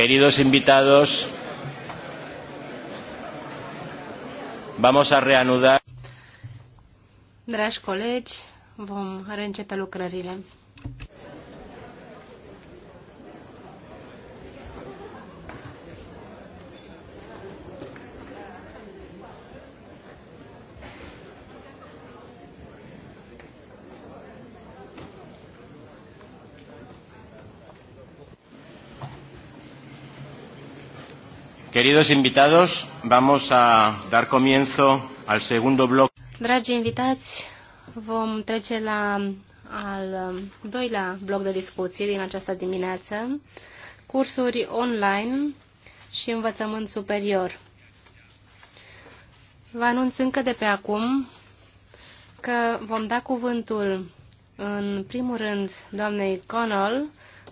Queridos invitados, vamos a reanudar. Dragi colegi, vom reîncepe lucrările. Queridos invitados, vamos a dar comienzo al segundo bloque. Dragi invitați, vom trece la al doilea bloc de discuții din această dimineață, cursuri online și învățământ superior. Vă anunț încă de pe acum că vom da cuvântul în primul rând doamnei Connell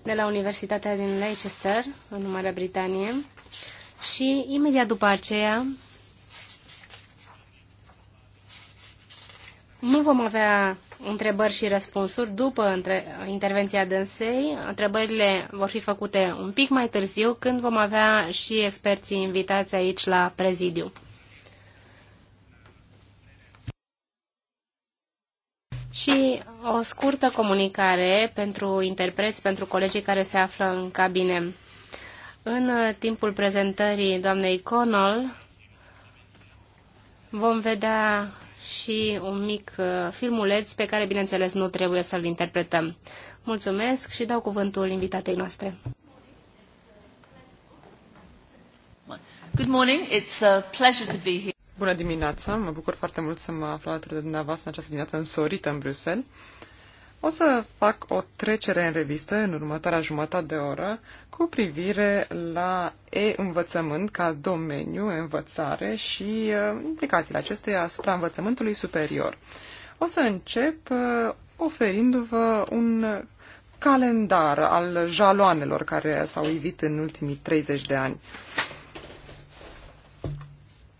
de la Universitatea din Leicester, în Marea Britanie, și imediat după aceea nu vom avea întrebări și răspunsuri după între, intervenția dânsei. Întrebările vor fi făcute un pic mai târziu, când vom avea și experții invitați aici la prezidiu. Și o scurtă comunicare pentru interpreți, pentru colegii care se află în cabine. În uh, timpul prezentării doamnei Conol vom vedea și un mic uh, filmuleț pe care, bineînțeles, nu trebuie să-l interpretăm. Mulțumesc și dau cuvântul invitatei noastre. Good morning. It's a pleasure to be here. Bună dimineața! Mă bucur foarte mult să mă aflu alături de dumneavoastră în această dimineață însorită în Bruxelles. O să fac o trecere în revistă în următoarea jumătate de oră cu privire la e-învățământ ca domeniu, învățare și uh, implicațiile acestuia asupra învățământului superior. O să încep uh, oferindu-vă un calendar al jaloanelor care s-au ivit în ultimii 30 de ani.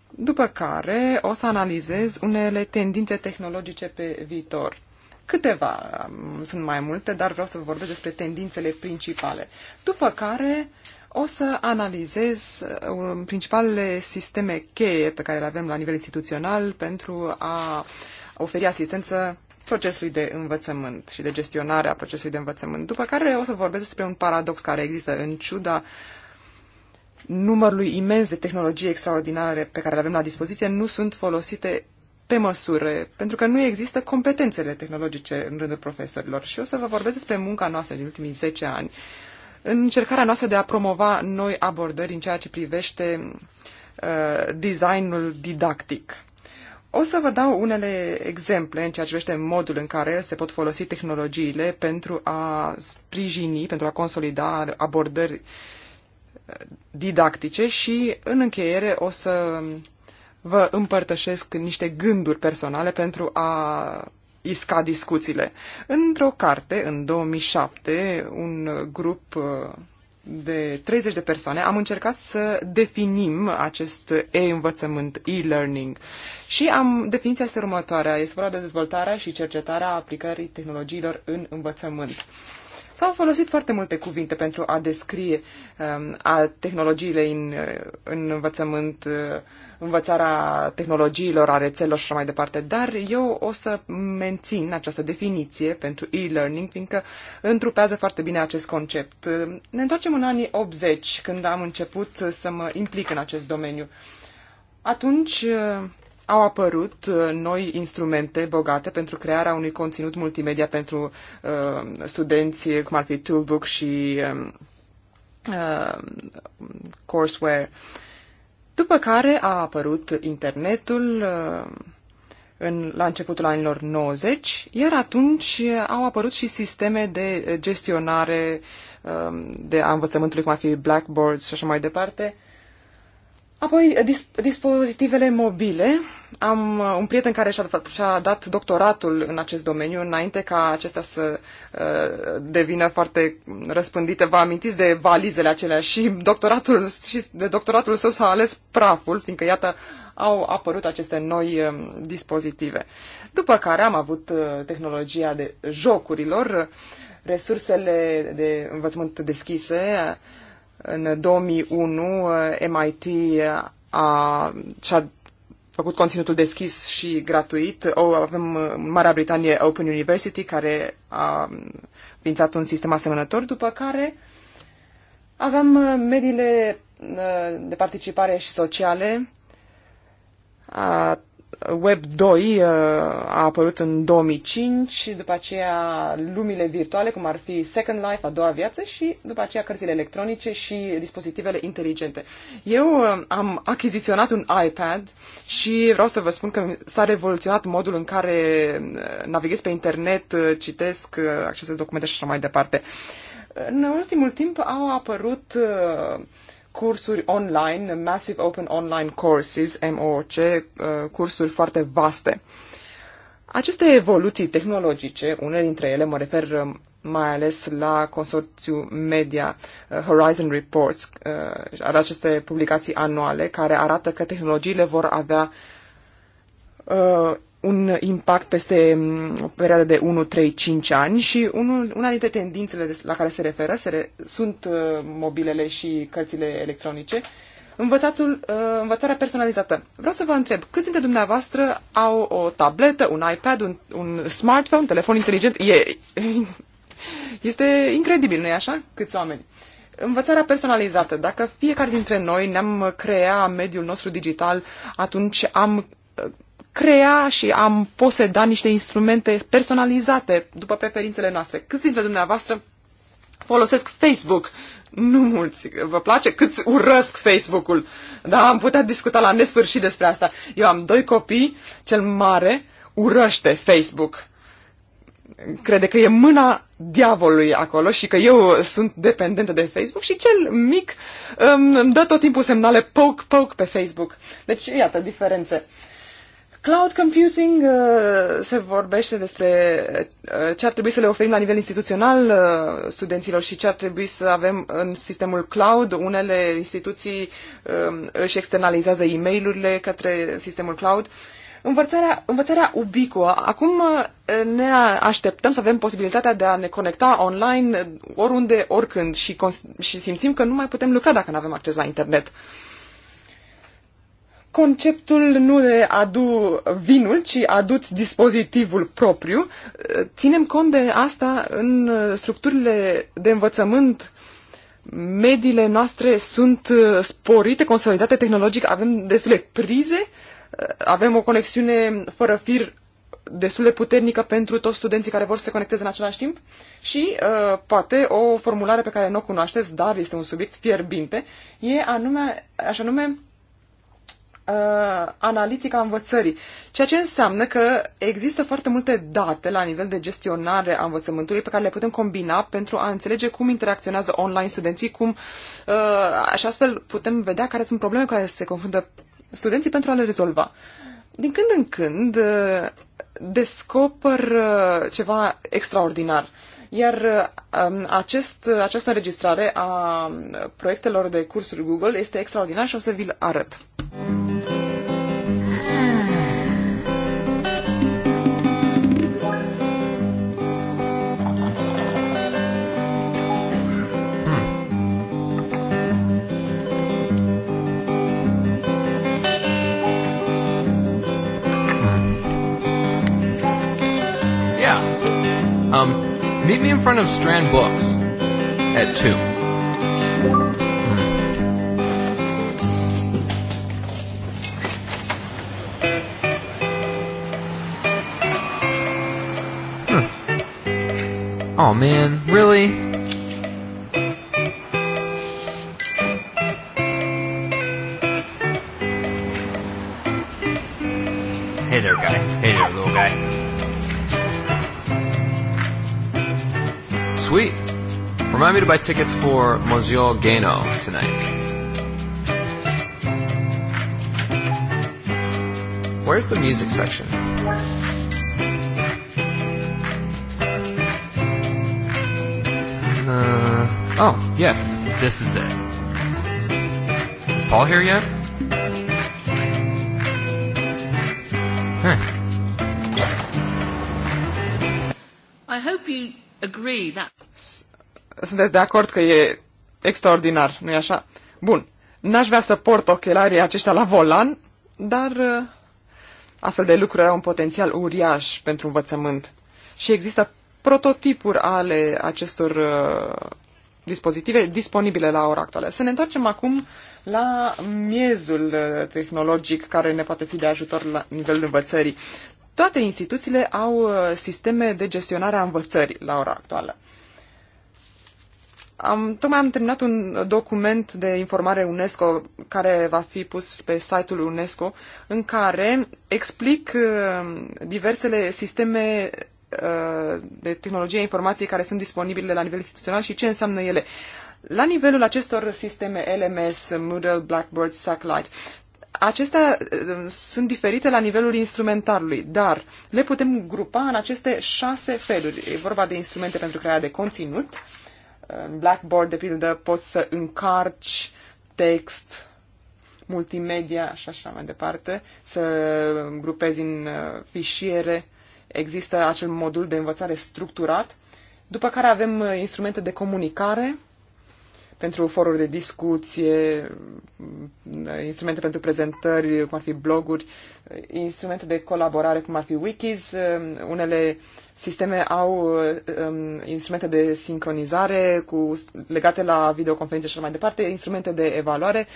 După care o să analizez unele tendințe tehnologice pe viitor câteva, sunt mai multe, dar vreau să vă vorbesc despre tendințele principale. După care o să analizez uh, principalele sisteme cheie pe care le avem la nivel instituțional pentru a oferi asistență procesului de învățământ și de gestionare a procesului de învățământ. După care o să vorbesc despre un paradox care există în ciuda numărului imens de tehnologii extraordinare pe care le avem la dispoziție, nu sunt folosite pe măsură, pentru că nu există competențele tehnologice în rândul profesorilor. Și o să vă vorbesc despre munca noastră din ultimii 10 ani, în încercarea noastră de a promova noi abordări în ceea ce privește uh, designul didactic. O să vă dau unele exemple în ceea ce privește modul în care se pot folosi tehnologiile pentru a sprijini, pentru a consolida abordări uh, didactice și, în încheiere, o să vă împărtășesc niște gânduri personale pentru a isca discuțiile. Într-o carte, în 2007, un grup uh, de 30 de persoane am încercat să definim acest e-învățământ, e-learning. Și am, definiția este următoarea. Este vorba de dezvoltarea și cercetarea aplicării tehnologiilor în învățământ. S-au folosit foarte multe cuvinte pentru a descrie um, a tehnologiile în, în învățământ, uh, învățarea tehnologiilor, a rețelor și așa mai departe, dar eu o să mențin această definiție pentru e-learning, fiindcă întrupează foarte bine acest concept. Ne întoarcem în anii 80, când am început să mă implic în acest domeniu. Atunci, uh, au apărut uh, noi instrumente bogate pentru crearea unui conținut multimedia pentru uh, studenți, cum ar fi Toolbook și um, uh, Courseware. După care a apărut internetul uh, în, la începutul anilor 90, iar atunci au apărut și sisteme de gestionare uh, de a învățământului, cum ar fi Blackboard și așa mai departe, uh, Apoi, disp- dispozitivele mobile. Am uh, un prieten care și-a, și-a dat doctoratul în acest domeniu, înainte ca acestea să uh, devină foarte răspândite. Vă amintiți de valizele acelea și, doctoratul, și de doctoratul său s-a ales praful, fiindcă, iată, au apărut aceste noi uh, dispozitive. După care am avut uh, tehnologia de jocurilor, resursele de învățământ deschise, uh, în 2001, MIT eh, eh, a, și-a făcut conținutul deschis și gratuit. O, avem eh, în Marea Britanie Open University, care a mm, ființat un sistem asemănător, după care aveam mediile de participare și sociale, a, Web 2 uh, a apărut în 2005 și după aceea lumile virtuale, cum ar fi Second Life, a doua viață și după aceea cărțile electronice și dispozitivele inteligente. Eu uh, am achiziționat un iPad și vreau să vă spun că s-a revoluționat modul în care uh, navighez pe internet, citesc, accesez documente și așa mai departe. În ultimul timp au apărut uh, cursuri online, Massive Open Online Courses, MOC, uh, cursuri foarte vaste. Aceste evoluții tehnologice, unele dintre ele, mă refer uh, mai ales la consorțiu media uh, Horizon Reports, are aceste publicații anuale care arată că tehnologiile vor avea un impact peste mm, o perioadă de 1-3-5 ani și unul, una dintre tendințele la care se referă se re, sunt uh, mobilele și cărțile electronice. Învățatul, uh, învățarea personalizată. Vreau să vă întreb, câți dintre dumneavoastră au o tabletă, un iPad, un, un smartphone, un telefon inteligent? E, este incredibil, nu-i așa? Câți oameni? Învățarea personalizată. Dacă fiecare dintre noi ne-am crea mediul nostru digital, atunci am crea și am poseda niște instrumente personalizate după preferințele noastre. Câți dintre dumneavoastră folosesc Facebook? Nu mulți. Vă place cât urăsc Facebook-ul? Da, am putea discuta la nesfârșit despre asta. Eu am doi copii, cel mare urăște Facebook. Crede că e mâna diavolului acolo și că eu sunt dependentă de Facebook și cel mic um, îmi dă tot timpul semnale poke, poke pe Facebook. Deci, iată, diferențe. Uh, cloud computing uh, se vorbește despre uh, ce ar trebui să le oferim la nivel instituțional uh, studenților și ce ar trebui să avem în sistemul cloud. Unele instituții um, își externalizează e mail către sistemul cloud. Învățarea, învățarea ubicuă. Acum ne așteptăm să avem posibilitatea de a ne conecta online oriunde, oricând și, și simțim că nu mai putem lucra dacă nu avem acces la internet. Uh, conceptul nu de adu vinul, ci aduți dispozitivul propriu. Ținem cont de asta în structurile de învățământ. Mediile noastre sunt sporite, consolidate tehnologic, avem destule prize, avem o conexiune fără fir destul de puternică pentru toți studenții care vor să se conecteze în același timp și uh, poate o formulare pe care nu o cunoașteți, dar este un subiect fierbinte, e anume, așa nume uh, analitică a învățării, ceea ce înseamnă că există foarte multe date la nivel de gestionare a învățământului pe care le putem combina pentru a înțelege cum interacționează online studenții, cum uh, așa astfel putem vedea care sunt probleme cu care se confundă studenții pentru a le rezolva. Din când în când uh, descoper uh, ceva extraordinar. Iar uh, um, acest, uh, această înregistrare a um, proiectelor de cursuri Google este extraordinar și o să vi-l arăt. Meet me in front of Strand Books at 2. Hmm. hmm. Oh man, really? Remind me to buy tickets for Monsieur Gano tonight. Where's the music section? Uh, oh, yes. This is it. Is Paul here yet? Huh. I hope you agree that sunteți de acord că e extraordinar, nu-i așa? Bun, n-aș vrea să port ochelarii aceștia la volan, dar uh, astfel de lucruri au un potențial uriaș pentru învățământ. Și există prototipuri ale acestor uh, dispozitive disponibile la ora actuală. Să ne întoarcem acum la miezul uh, tehnologic care ne poate fi de ajutor la nivelul învățării. Toate instituțiile au sisteme de gestionare a învățării la ora actuală. Am, tocmai am terminat un document de informare UNESCO care va fi pus pe site-ul UNESCO în care explic uh, diversele sisteme uh, de tehnologie a informației care sunt disponibile la nivel instituțional și ce înseamnă ele. La nivelul acestor sisteme LMS, Moodle, Blackboard, Sacklight, acestea uh, sunt diferite la nivelul instrumentarului, dar le putem grupa în aceste șase feluri. E vorba de instrumente pentru crearea de conținut, în Blackboard, de pildă, poți să încarci text, multimedia și așa mai departe, să grupezi în uh, fișiere. Există acel modul de învățare structurat. După care avem uh, instrumente de comunicare, pentru foruri de discuție, instrumente pentru prezentări, cum ar fi bloguri, instrumente de colaborare, cum ar fi wikis. Unele sisteme au um, instrumente de sincronizare cu, legate la videoconferințe și așa mai departe, instrumente de evaluare,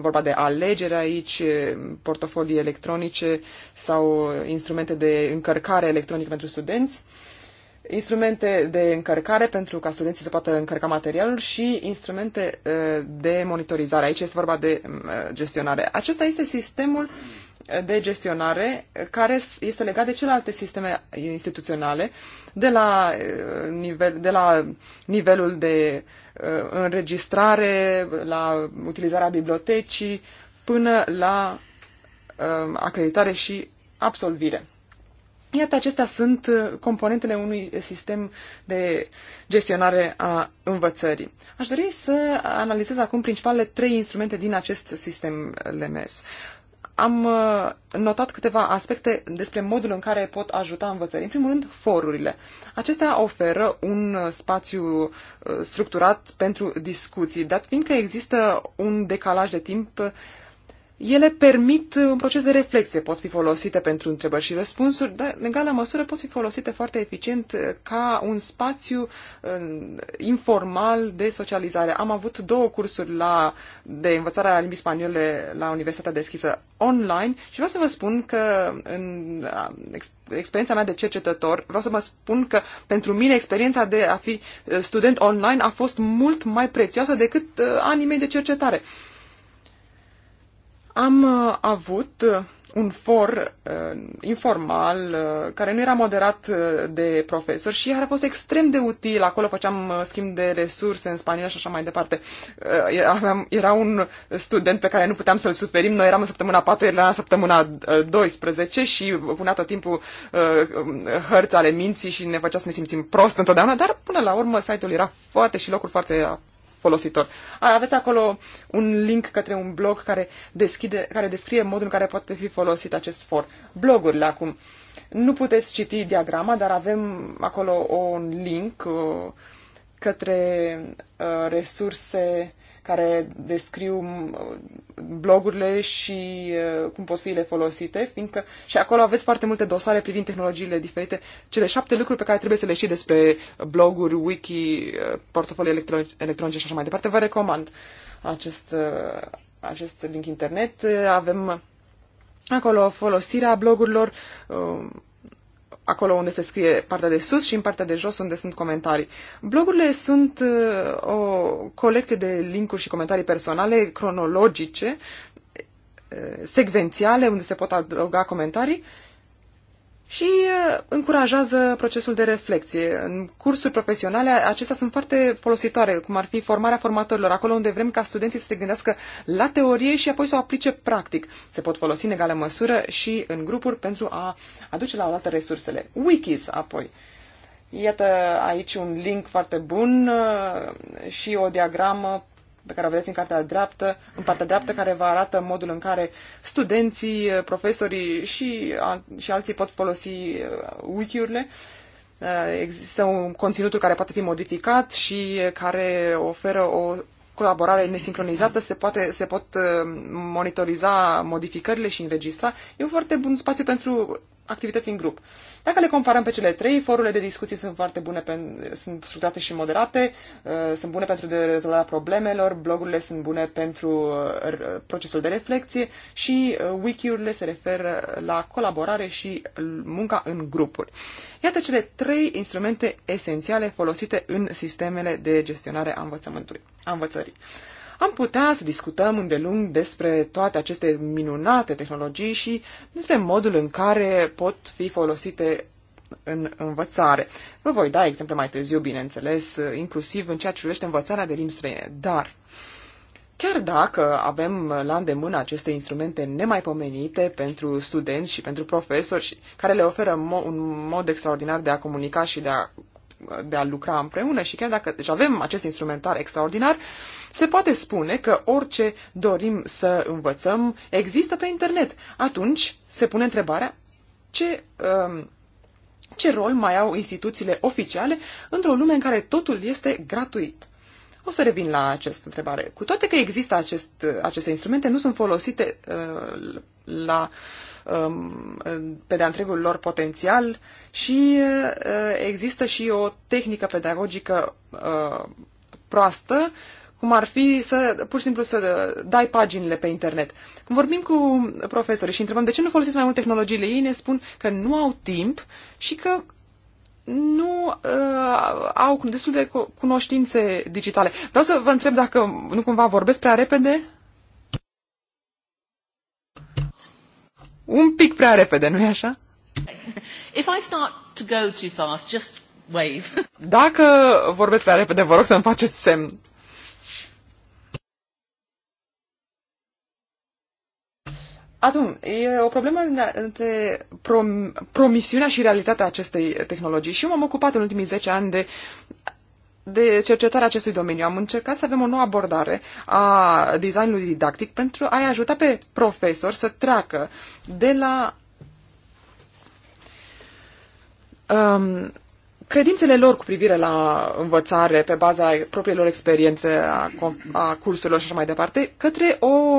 vorba de alegere aici, portofolii electronice sau instrumente de încărcare electronică pentru studenți. Uh, instrumente de încărcare pentru ca studenții să poată încărca materialul și instrumente de monitorizare. Aici este vorba de gestionare. Acesta este sistemul de gestionare care este legat de celelalte sisteme instituționale, de la, nivel, de la nivelul de înregistrare, la utilizarea bibliotecii, până la acreditare și absolvire. Iată, acestea sunt uh, componentele unui sistem de gestionare a învățării. Aș dori să analizez acum principalele trei instrumente din acest sistem LMS. Am uh, notat câteva aspecte despre modul în care pot ajuta învățării. În primul rând, forurile. Acestea oferă un uh, spațiu structurat pentru discuții, dat fiindcă există un decalaj de timp ele permit un proces de reflexie, pot fi folosite pentru întrebări și răspunsuri, dar în egală măsură pot fi folosite foarte eficient eh, ca un spațiu informal de socializare. Am avut două cursuri la, de învățare a limbii spaniole la Universitatea Deschisă online și vreau să vă spun că în eh, experiența mea de cercetător, vreau să vă spun că pentru mine experiența de a fi eh, student online a fost mult mai prețioasă decât anii mei de cercetare am uh, avut uh, un for uh, informal uh, care nu era moderat uh, de profesori și care a fost extrem de util. Acolo făceam uh, schimb de resurse în spaniolă și așa mai departe. Uh, aveam, era un student pe care nu puteam să-l suferim. Noi eram în săptămâna 4, el era în săptămâna uh, 12 și uh, punea tot timpul uh, um, hărți ale minții și ne făcea să ne simțim prost întotdeauna, dar până la urmă site-ul era foarte și locul foarte folositor. Aveți acolo un link către un blog care, deschide, care descrie modul în care poate fi folosit acest for. Blogurile acum. Nu puteți citi diagrama, dar avem acolo un link uh, către uh, resurse uh, care descriu blogurile și cum pot fi ele folosite, fiindcă și acolo aveți foarte multe dosare privind tehnologiile diferite, cele șapte lucruri pe care trebuie să le știi despre bloguri, wiki, portofolii electro- electronice și așa mai departe. Vă recomand acest, acest link internet. Avem acolo folosirea blogurilor, acolo unde se scrie partea de sus și în partea de jos unde sunt comentarii. Blogurile sunt uh, o colecție de linkuri și comentarii personale, cronologice, uh, secvențiale, unde se pot adăuga comentarii și uh, încurajează procesul de reflexie. În cursuri profesionale acestea sunt foarte folositoare, cum ar fi formarea formatorilor, acolo unde vrem ca studenții să se gândească la teorie și apoi să o aplice practic. Se pot folosi în egală măsură și în grupuri pentru a aduce la dată resursele. Wikis apoi. Iată aici un link foarte bun uh, și o diagramă pe care o vedeți în, cartea dreaptă, în partea dreaptă, care vă arată modul în care studenții, profesorii și, și alții pot folosi uh, wiki-urile. Uh, există un conținutul care poate fi modificat și care oferă o colaborare nesincronizată, se, poate, se pot uh, monitoriza modificările și înregistra. E un foarte bun spațiu pentru activități în grup. Dacă le comparăm pe cele trei, forurile de discuții sunt foarte bune, pe, sunt structurate și moderate, uh, sunt bune pentru rezolvarea problemelor, blogurile sunt bune pentru uh, procesul de reflexie și uh, wiki-urile se referă la colaborare și munca în grupuri. Iată cele trei instrumente esențiale folosite în sistemele de gestionare a învățământului, a învățării am putea să discutăm îndelung despre toate aceste minunate tehnologii și despre modul în care pot fi folosite în învățare. Vă voi da exemple mai târziu, bineînțeles, inclusiv în ceea ce privește învățarea de limbi străine, dar Chiar dacă avem la îndemână aceste instrumente nemaipomenite pentru studenți și pentru profesori și care le oferă mo- un mod extraordinar de a comunica și de a de a lucra împreună și chiar dacă deja deci avem acest instrumentar extraordinar, se poate spune că orice dorim să învățăm există pe internet. Atunci se pune întrebarea ce, um, ce rol mai au instituțiile oficiale într-o lume în care totul este gratuit. O să revin la această întrebare. Cu toate că există acest, aceste instrumente, nu sunt folosite uh, la Um, pe de-a întregul lor potențial și uh, există și o tehnică pedagogică uh, proastă, cum ar fi să pur și simplu să dai paginile pe internet. Când vorbim cu profesorii și întrebăm de ce nu folosesc mai mult tehnologiile, ei ne spun că nu au timp și că nu uh, au destul de cunoștințe digitale. Vreau să vă întreb dacă nu cumva vorbesc prea repede. un pic prea repede, nu-i așa? If I start to go too fast, just wave. Dacă vorbesc prea repede, vă rog să-mi faceți semn. Atunci, e o problemă între prom- promisiunea și realitatea acestei tehnologii și eu m-am ocupat în ultimii 10 ani de de cercetare acestui domeniu. Am încercat să avem o nouă abordare a designului didactic pentru a-i ajuta pe profesori să treacă de la um, credințele lor cu privire la învățare pe baza propriilor experiențe a, a cursurilor și așa mai departe, către o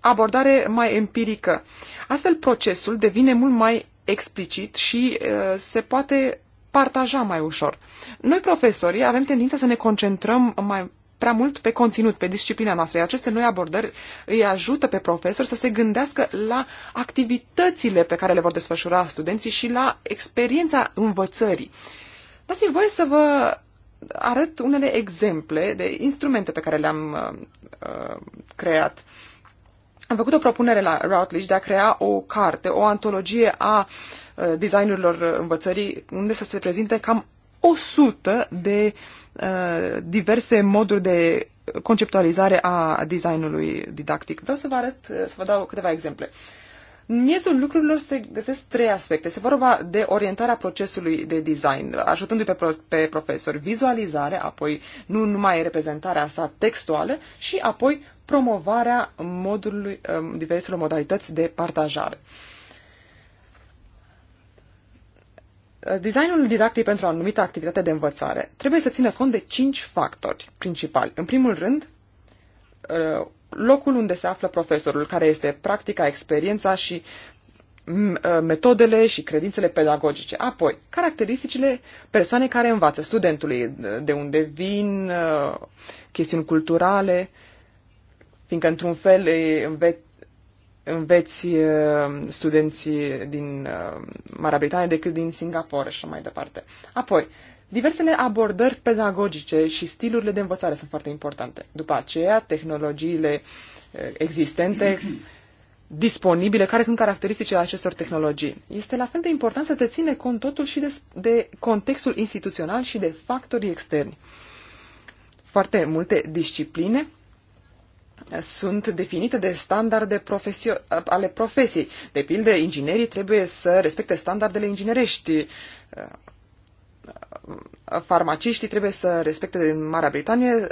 abordare mai empirică. Astfel, procesul devine mult mai explicit și uh, se poate partaja mai ușor. Noi, profesorii, avem tendința să ne concentrăm mai prea mult pe conținut, pe disciplina noastră. Iar aceste noi abordări îi ajută pe profesori să se gândească la activitățile pe care le vor desfășura studenții și la experiența învățării. Dați-mi voie să vă arăt unele exemple de instrumente pe care le-am uh, uh creat. Uh, am făcut o propunere la Routledge de a crea o carte, o antologie a uh, designurilor învățării, unde să se prezinte cam 100 de uh, diverse moduri de conceptualizare a designului didactic. Vreau să vă arăt, uh, să vă dau câteva exemple. Uh, în miezul lucrurilor se găsesc trei aspecte. Se vorba de orientarea procesului de design, ajutându-i pe, pro- pe profesori, vizualizare, apoi nu numai reprezentarea sa textuală și apoi promovarea modului, um, diverselor modalități de partajare. Designul didactic pentru o anumită activitate de învățare trebuie să țină cont de cinci factori principali. În primul rând, uh, locul unde se află profesorul, care este practica, experiența și uh, metodele și credințele pedagogice. Apoi, caracteristicile persoanei care învață, studentului, de unde vin, uh, chestiuni culturale, fiindcă într-un fel înveți înveți uh, studenții din Marea Britanie decât din Singapore și mai departe. Apoi, Diversele abordări pedagogice și stilurile de învățare sunt foarte importante. După aceea, tehnologiile eh, existente disponibile, care sunt caracteristicile acestor tehnologii. Este la fel de important să te ține cont totul și de, de contextul instituțional și de factorii externi. Foarte multe discipline eh, sunt definite de standarde profesio- eh, ale profesiei. De pildă, inginerii trebuie să respecte standardele inginerești, farmaciștii trebuie să respecte din Marea Britanie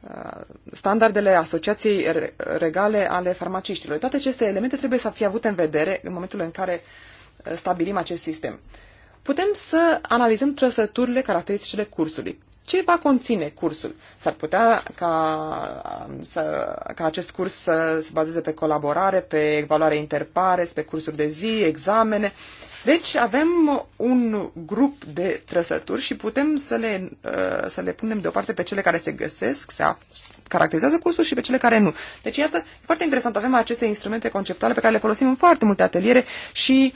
uh, standardele Asociației Regale ale Farmaciștilor. Toate aceste elemente trebuie să fie avute în vedere în momentul în care uh, stabilim acest sistem. Putem să analizăm trăsăturile caracteristicile cursului. Ce va conține cursul? S-ar putea ca, um, să, ca acest curs să se bazeze pe colaborare, pe evaluare interpares, pe cursuri de zi, examene, uh, deci avem un grup de trăsături și putem să le, uh, să le punem deoparte pe cele care se găsesc, se caracterizează cursul și pe cele care nu. Deci, iată, e foarte interesant, avem aceste instrumente conceptuale pe care le folosim în foarte multe ateliere și,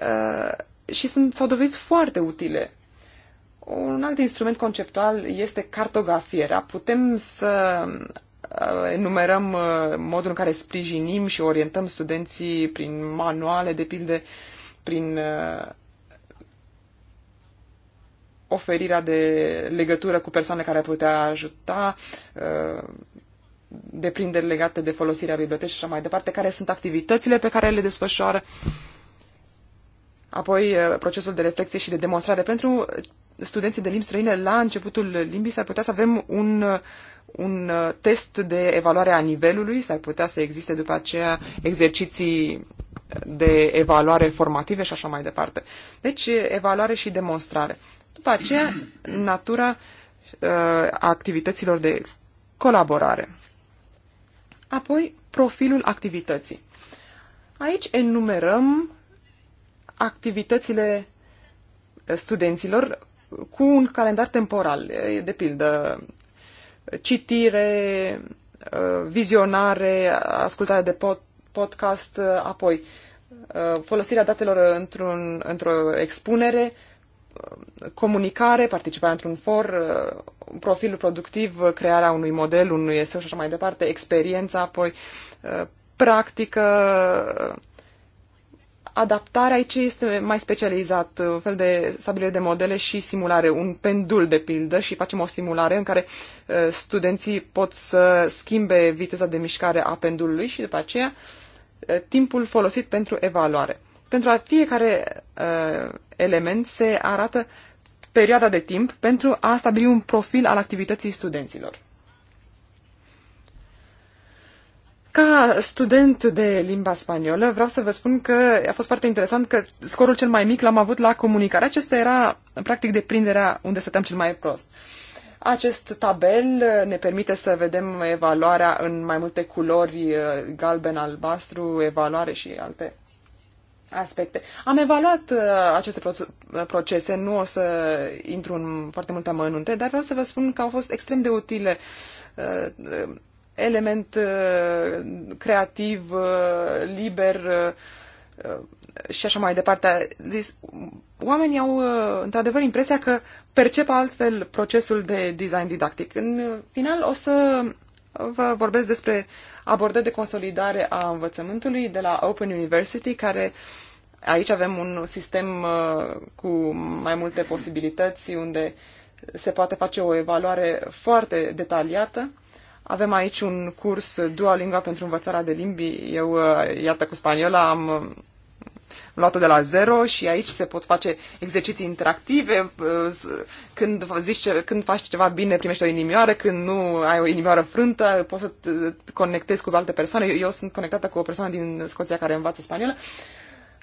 uh, și sunt, s-au dovedit foarte utile. Un alt instrument conceptual este cartografierea. Putem să uh, enumerăm modul în care sprijinim și orientăm studenții prin manuale, de pildă prin uh, oferirea de legătură cu persoane care putea ajuta, uh, deprinderi legate de folosirea bibliotecii și așa mai departe, care sunt activitățile pe care le desfășoară. Apoi, uh, procesul de reflexie și de demonstrare. Pentru studenții de limbi străine, la începutul limbii s-ar putea să avem un, un test de evaluare a nivelului, s-ar putea să existe după aceea exerciții de evaluare formative și așa mai departe. Deci, evaluare și demonstrare. După aceea, natura uh, activităților de colaborare. Apoi, profilul activității. Aici enumerăm activitățile studenților cu un calendar temporal, de pildă citire, uh, vizionare, ascultare de, pot, podcast, uh, apoi uh, folosirea datelor într-un, într-o expunere, uh, comunicare, participarea într-un for, un productiv, crearea unui model, unui eseu și așa mai departe, experiența, apoi practică, adaptarea aici este mai specializat, un fel de stabilire de modele și simulare, un pendul de pildă și facem o simulare în care studenții pot să schimbe viteza de mișcare a pendulului și după aceea uh, Uh, timpul folosit pentru evaluare. Pentru a fiecare uh, element se arată perioada de timp pentru a stabili un profil al activității studenților. Ca student de limba spaniolă, vreau să vă spun că a fost foarte interesant că scorul cel mai mic l-am avut la comunicare. Acesta era, practic, deprinderea unde stăteam cel mai prost. Uh, acest tabel ne permite să vedem evaluarea în mai multe culori, uh, galben, albastru, evaluare și alte aspecte. Am evaluat uh, aceste procese, nu o să intru în foarte multe amănunte, dar vreau să vă spun că au fost extrem de utile uh, element creativ, liber, și așa mai departe. Deci, oamenii au uh, într-adevăr impresia că percep altfel procesul de design didactic. În final o să vă vorbesc despre abordări de consolidare a învățământului de la Open University, care aici avem un sistem uh, cu mai multe posibilități, unde se poate face o evaluare foarte detaliată. Avem aici un curs Dualingua pentru învățarea de limbi. Eu, uh, iată, cu spaniola am luată de la zero și aici se pot face exerciții interactive. Uh, când, zici, când faci ceva bine, primești o inimioară, când nu ai o inimioară frântă, poți să te conectezi cu alte persoane. Eu, eu sunt conectată cu o persoană din Scoția care învață spaniolă.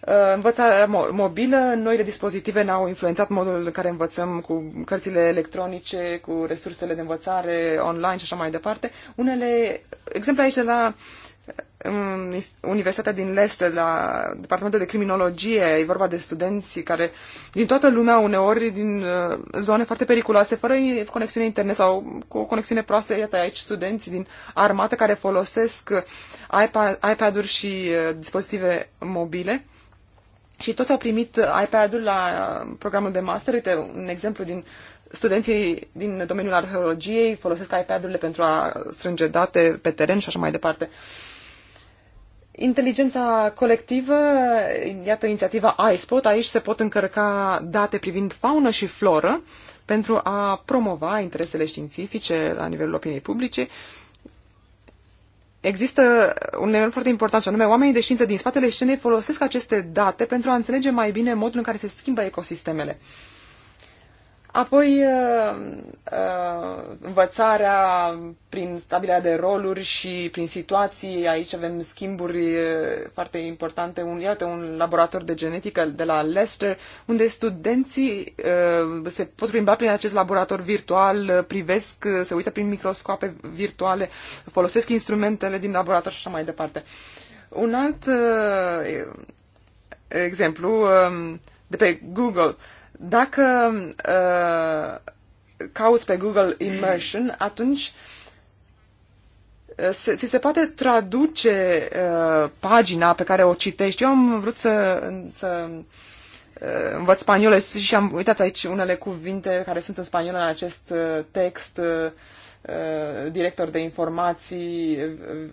Uh, Învățarea mobilă, noile dispozitive ne-au influențat modul în care învățăm cu cărțile electronice, cu resursele de învățare online și așa mai departe. Unele exemple aici de la uh, Universitatea din Leicester, la Departamentul de Criminologie, e vorba de studenți care din toată lumea, uneori din uh, zone foarte periculoase, fără conexiune internet sau cu o conexiune proastă, iată aici studenți din armată care folosesc uh, iPad-uri și uh, dispozitive mobile. Și toți au primit iPad-ul la programul de master. Uite, un exemplu din studenții din domeniul arheologiei folosesc iPad-urile pentru a strânge date pe teren și așa mai departe. Uh, Inteligența colectivă, iată inițiativa iSpot, aici se pot încărca date privind faună și floră pentru a promova interesele științifice la nivelul opiniei publice. Există un element foarte important, și anume oamenii de știință din spatele scenei folosesc aceste date pentru a înțelege mai bine modul în care se schimbă ecosistemele. Apoi, uh, uh, învățarea prin stabilirea de roluri și prin situații, aici avem schimburi uh, foarte importante. Un, iată, un laborator de genetică de la Leicester, unde studenții se pot plimba prin acest laborator virtual, privesc, se uită prin microscoape virtuale, folosesc instrumentele din laborator și așa mai departe. Un alt exemplu um, de pe Google dacă uh, cauți pe Google Immersion, atunci uh, se, ți se poate traduce uh, pagina pe care o citești. Eu am vrut să, să uh, învăț spaniolă și am uitat aici unele cuvinte care sunt în spaniolă în acest uh, text, uh, uh director de informații, uh,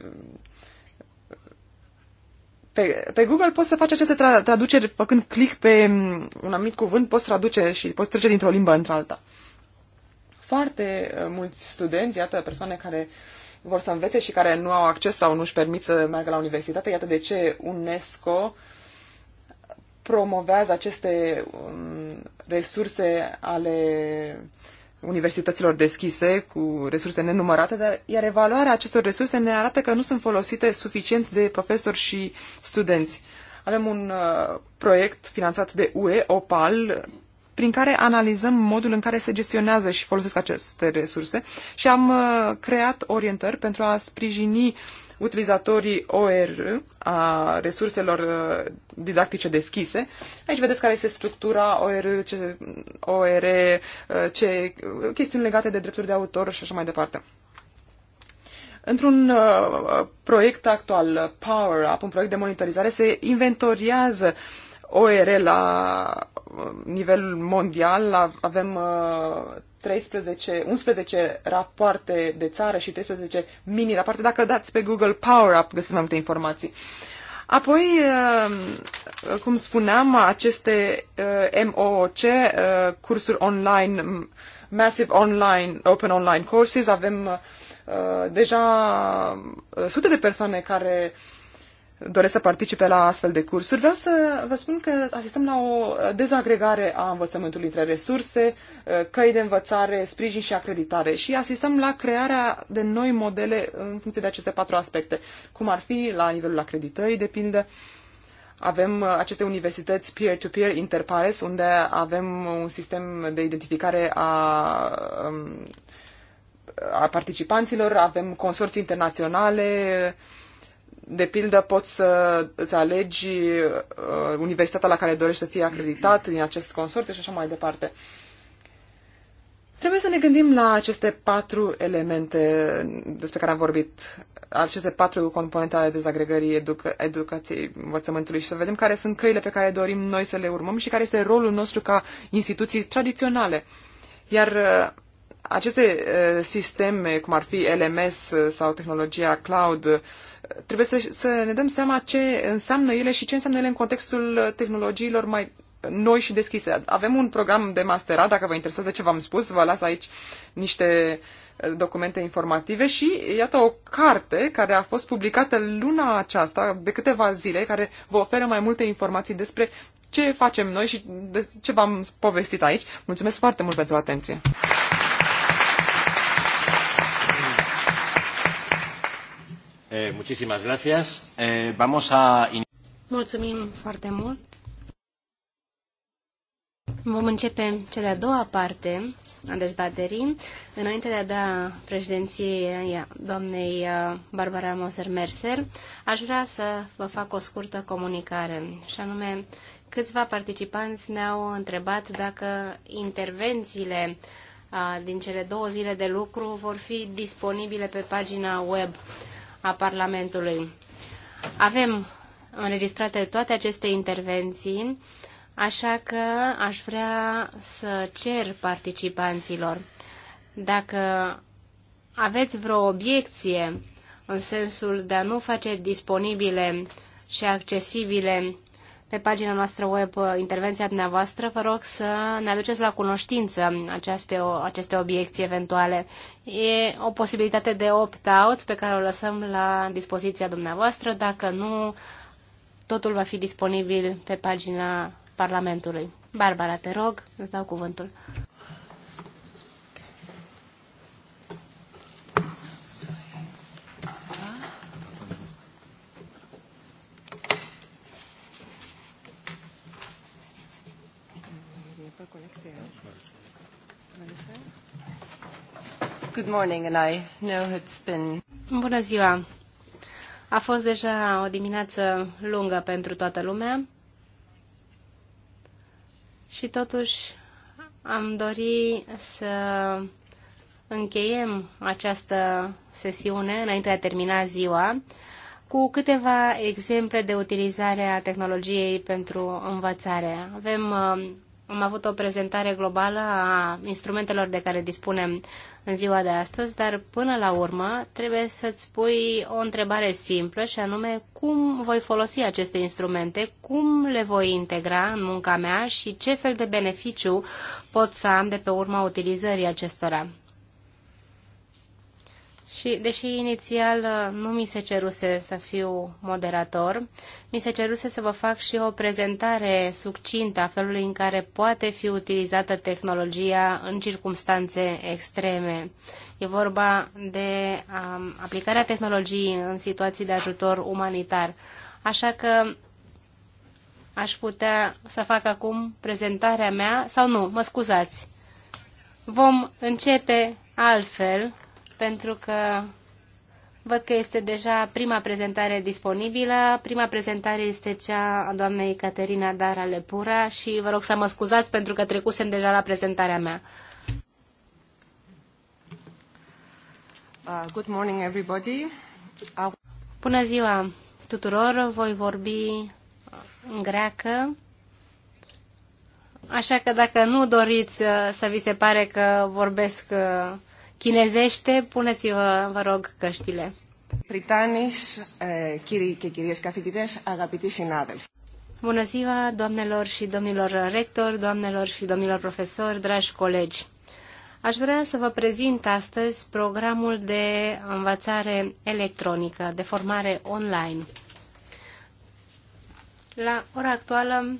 pe, pe Google poți să faci aceste tra- traduceri, făcând click pe un anumit cuvânt, poți traduce și poți trece dintr-o limbă într-alta. Foarte uh, mulți studenți, iată persoane care vor să învețe și care nu au acces sau nu își permit să meargă la universitate, iată de ce UNESCO promovează aceste um, resurse ale universităților deschise cu resurse nenumărate, dar, iar evaluarea acestor resurse ne arată că nu sunt folosite suficient de profesori și studenți. Avem un uh, proiect finanțat de UE, OPAL, prin care analizăm modul în care se gestionează și folosesc aceste resurse și am uh, creat orientări pentru a sprijini uh, utilizatorii OR, a resurselor uh, didactice deschise. Aici vedeți care este structura OR, ce, OR uh, ce, uh, chestiuni legate de drepturi de autor și așa mai departe. Într-un uh, proiect actual, Power Up, un proiect de monitorizare, se inventoriază OR la nivel mondial. Avem uh, 13, 11 rapoarte de țară și 13 mini-rapoarte. Dacă dați pe Google Power Up, găsiți mai multe informații. Apoi, uh, cum spuneam, aceste uh, MOOC, uh, cursuri online, Massive Online, Open Online Courses, avem deja sute de persoane care uh, doresc să participe la astfel de cursuri. Vreau să vă spun că asistăm la o dezagregare a învățământului între resurse, uh, căi de învățare, sprijin și acreditare și asistăm la crearea de noi modele în funcție de aceste patru aspecte, cum ar fi la nivelul acreditării, depinde, avem uh, aceste universități peer-to-peer -peer, interpares, unde avem un sistem de identificare a, um, a participanților, avem consorții internaționale, de pildă, poți să îți alegi uh, universitatea la care dorești să fii acreditat din acest consorțiu și așa mai departe. Trebuie să ne gândim la aceste patru elemente despre care am vorbit, aceste patru componente ale dezagregării educa- educației învățământului și să vedem care sunt căile pe care dorim noi să le urmăm și care este rolul nostru ca instituții tradiționale. Iar uh, aceste uh, sisteme, cum ar fi LMS sau tehnologia cloud, trebuie să, să ne dăm seama ce înseamnă ele și ce înseamnă ele în contextul tehnologiilor mai noi și deschise. Avem un program de masterat, dacă vă interesează ce v-am spus, vă las aici niște eh, documente informative și iată o carte care a fost publicată luna aceasta, de câteva zile, care vă oferă mai multe informații despre ce facem noi și de ce v-am povestit aici. Mulțumesc foarte mult pentru atenție! Eh, muchísimas gracias. Eh, vamos a... Mulțumim foarte mult. Vom începe cea de-a doua parte a dezbaterii. Înainte de a da președinției doamnei uh, Barbara Moser-Mercer, aș vrea să vă fac o scurtă comunicare, și anume câțiva participanți ne-au întrebat dacă intervențiile uh, din cele două zile de lucru vor fi disponibile pe pagina web a Parlamentului. Avem înregistrate toate aceste intervenții, așa că aș vrea să cer participanților. Dacă aveți vreo obiecție în sensul de a nu face disponibile și accesibile pe pagina noastră web uh, intervenția dumneavoastră. Vă rog să ne aduceți la cunoștință aceste, aceste obiecții eventuale. E o posibilitate de opt-out pe care o lăsăm la dispoziția dumneavoastră. Dacă nu, totul va fi disponibil pe pagina Parlamentului. Barbara, te rog, îți dau cuvântul. Good morning, and I know it's been... Bună ziua! A fost deja o dimineață lungă pentru toată lumea și totuși am dori să încheiem această sesiune înainte de a termina ziua cu câteva exemple de utilizare a tehnologiei pentru învățare. Avem, uh, am avut o prezentare globală a instrumentelor de care dispunem în ziua de astăzi, dar până la urmă trebuie să-ți pui o întrebare simplă și anume cum voi folosi aceste instrumente, cum le voi integra în munca mea și ce fel de beneficiu pot să am de pe urma utilizării acestora. Și, deși inițial uh, nu mi se ceruse să fiu moderator, mi se ceruse să vă fac și o prezentare succintă a felului în care poate fi utilizată tehnologia în circumstanțe extreme. E vorba de um, aplicarea tehnologiei în situații de ajutor umanitar. Așa că aș putea să fac acum prezentarea mea, sau nu, mă scuzați. Vom începe altfel pentru că văd că este deja prima prezentare disponibilă. Prima prezentare este cea a doamnei Caterina Dara Lepura și vă rog să mă scuzați pentru că trecusem deja la prezentarea mea. Uh, good morning everybody. Uh, Bună ziua tuturor, voi vorbi în greacă. Așa că dacă nu doriți uh, să vi se pare că vorbesc uh, chinezește, puneți-vă, vă rog, căștile. Britanis, chirii και κυρίες agapiti αγαπητοί συνάδελφοι. Bună ziua, doamnelor și domnilor rectori, doamnelor și domnilor profesori, dragi colegi. Aș vrea să vă prezint astăzi programul de învățare electronică, de formare online. La ora actuală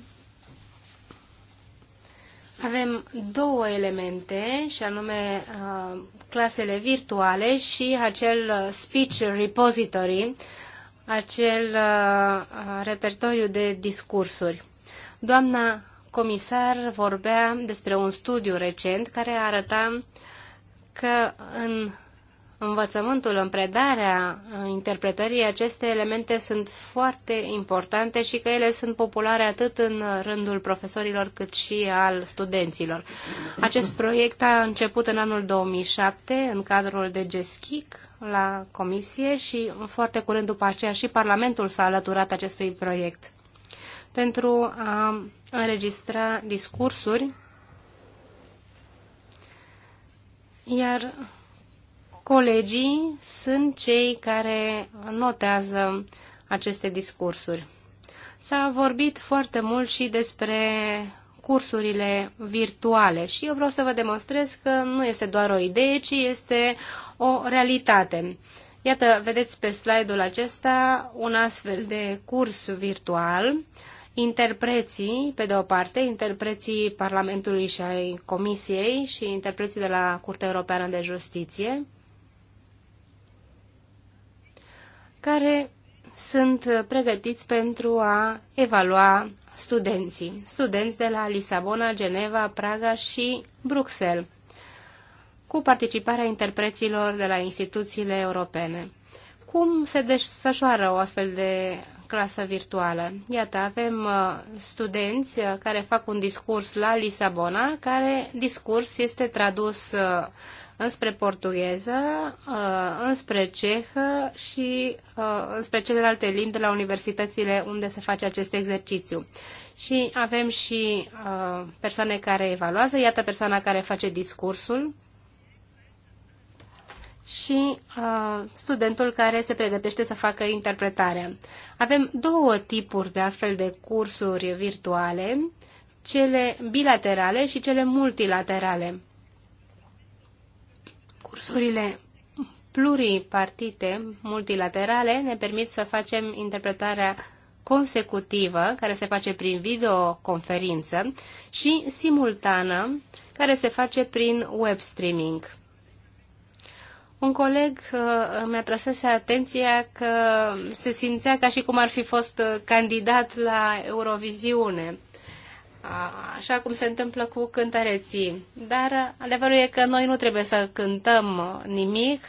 avem două elemente, și anume uh, clasele virtuale și acel speech repository, acel uh, repertoriu de discursuri. Doamna comisar vorbea despre un studiu recent care arăta că în învățământul, în predarea interpretării, aceste elemente sunt foarte importante și că ele sunt populare atât în rândul profesorilor cât și al studenților. Acest proiect a început în anul 2007 în cadrul de GESCHIC la comisie și foarte curând după aceea și Parlamentul s-a alăturat acestui proiect pentru a înregistra discursuri iar colegii sunt cei care notează aceste discursuri. S-a vorbit foarte mult și despre cursurile virtuale și eu vreau să vă demonstrez că nu este doar o idee, ci este o realitate. Iată, vedeți pe slide-ul acesta un astfel de curs virtual. Interpreții, pe de o parte, interpreții Parlamentului și ai Comisiei și interpreții de la Curtea Europeană de Justiție, care sunt uh, pregătiți pentru a evalua studenții, studenți de la Lisabona, Geneva, Praga și Bruxelles, cu participarea interpreților de la instituțiile europene. Cum se desfășoară o astfel de clasă virtuală? Iată, avem uh, studenți uh, care fac un discurs la Lisabona, care discurs este tradus înspre portugheză, uh, înspre cehă și uh, înspre celelalte limbi de la universitățile unde se face acest exercițiu. Și avem și uh, persoane care evaluează, iată persoana care face discursul și studentul care se pregătește să facă interpretarea. Avem două tipuri de astfel de cursuri virtuale, cele bilaterale și cele multilaterale Cursurile pluripartite, multilaterale, ne permit să facem interpretarea consecutivă, care se face prin videoconferință, și simultană, care se face prin web streaming. Un coleg uh, mi-a trăsese atenția că se simțea ca și cum ar fi fost uh, candidat la Euroviziune așa cum se întâmplă cu cântăreții. Dar adevărul e că noi nu trebuie să cântăm nimic,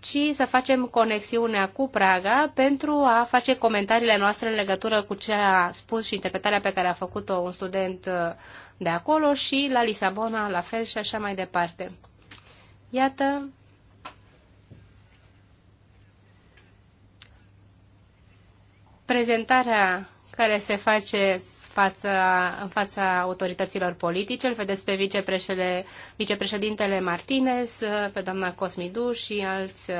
ci să facem conexiunea cu Praga pentru a face comentariile noastre în legătură cu ce a spus și interpretarea pe care a făcut-o un student uh, de acolo și la Lisabona la fel și așa mai departe. Iată prezentarea care se face față, în fața autorităților politice. Îl vedeți pe vicepreședintele Martinez, pe doamna Cosmidu și alți,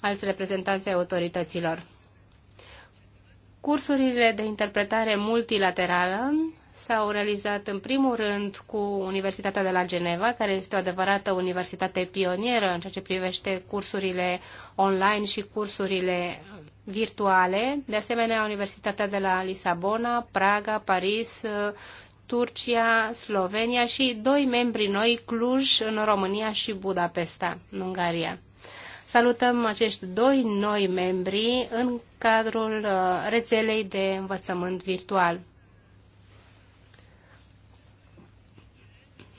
alți reprezentanți ai autorităților. Cursurile de interpretare multilaterală s-au realizat în primul rând cu Universitatea de la Geneva, care este o adevărată universitate pionieră în ceea ce privește cursurile online și cursurile virtuale, de asemenea Universitatea de la Lisabona, Praga, Paris, uh, Turcia, Slovenia și doi membri noi, Cluj, în România și Budapesta, în Ungaria. Salutăm acești doi noi membri în cadrul uh, rețelei de învățământ virtual.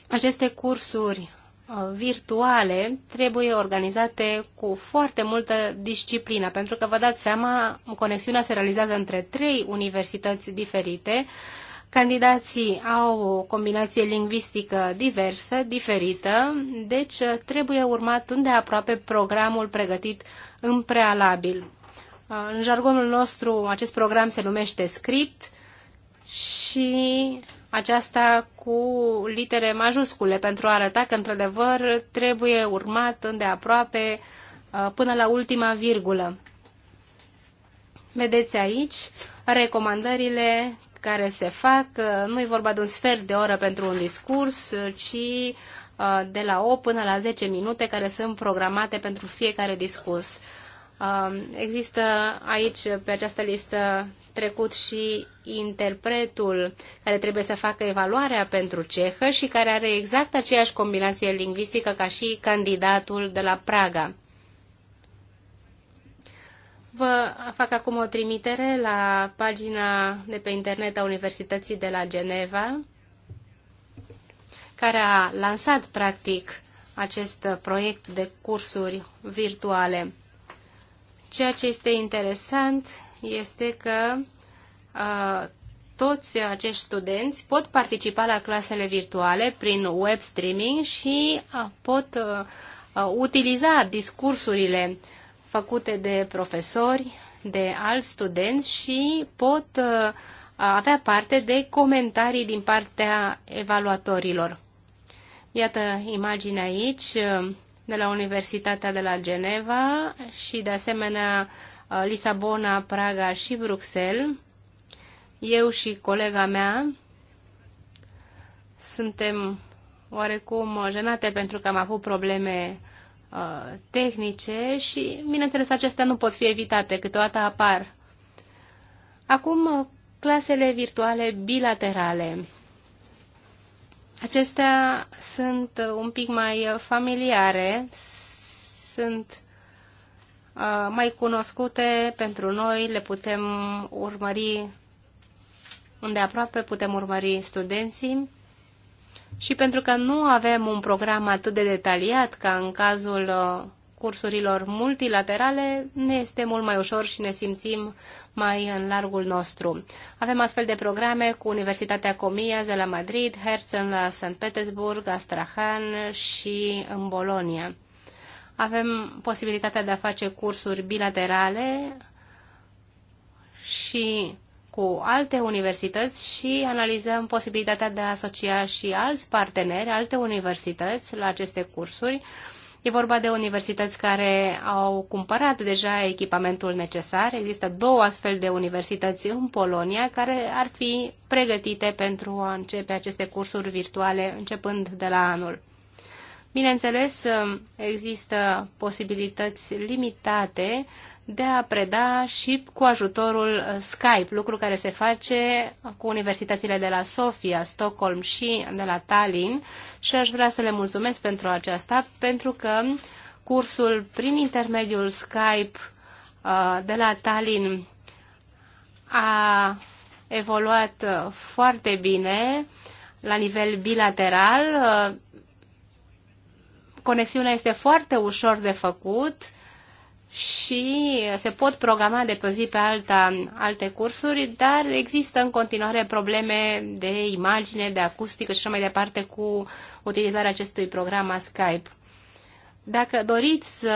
Aceste cursuri Uh, virtuale trebuie organizate cu foarte multă disciplină, pentru că vă dați seama, conexiunea se realizează între trei universități diferite, candidații au o combinație lingvistică diversă, diferită, deci uh, trebuie urmat îndeaproape programul pregătit în prealabil. Uh, în jargonul nostru, acest program se numește script și aceasta cu litere majuscule pentru a arăta că, într-adevăr, trebuie urmat îndeaproape uh, până la ultima virgulă. Vedeți aici recomandările care se fac. Uh, nu e vorba de un sfert de oră pentru un discurs, ci uh, de la 8 până la 10 minute care sunt programate pentru fiecare discurs. Există aici, pe această listă, trecut și interpretul care trebuie să facă evaluarea pentru cehă și care are exact aceeași combinație lingvistică ca și candidatul de la Praga. Vă fac acum o trimitere la pagina de pe internet a Universității de la Geneva, care a lansat practic acest proiect de cursuri virtuale. Ceea ce este interesant este că toți acești studenți pot participa la clasele virtuale prin web streaming și pot utiliza discursurile făcute de profesori, de alți studenți și pot avea parte de comentarii din partea evaluatorilor. Iată imaginea aici de la Universitatea de la Geneva și de asemenea Lisabona, Praga și Bruxelles eu și colega mea suntem oarecum jenate pentru că am avut probleme uh, tehnice și, bineînțeles, acestea nu pot fi evitate, câteodată apar. Acum, uh, clasele virtuale bilaterale. Acestea sunt uh, un pic mai uh, familiare, sunt uh, mai cunoscute pentru noi, le putem urmări unde aproape putem urmări studenții și pentru că nu avem un program atât de detaliat ca în cazul uh, cursurilor multilaterale, ne este mult mai ușor și ne simțim mai în largul nostru. Avem astfel de programe cu Universitatea Comillas de la Madrid, Herzen la St. Petersburg, Astrahan și în Bolonia. Avem posibilitatea de a face cursuri bilaterale și cu alte universități și analizăm posibilitatea de a asocia și alți parteneri, alte universități la aceste cursuri. E vorba de universități care au cumpărat deja echipamentul necesar. Există două astfel de universități în Polonia care ar fi pregătite pentru a începe aceste cursuri virtuale începând de la anul. Bineînțeles, există posibilități limitate de a preda și cu ajutorul uh, Skype, lucru care se face cu universitățile de la Sofia, Stockholm și de la Tallinn și aș vrea să le mulțumesc pentru aceasta, pentru că cursul prin intermediul Skype uh, de la Tallinn a evoluat uh, foarte bine la nivel bilateral. Conexiunea este foarte ușor de făcut și se pot programa de pe zi pe alta alte cursuri, dar există în continuare probleme de imagine, de acustică și așa mai departe cu utilizarea acestui program a Skype. Dacă doriți să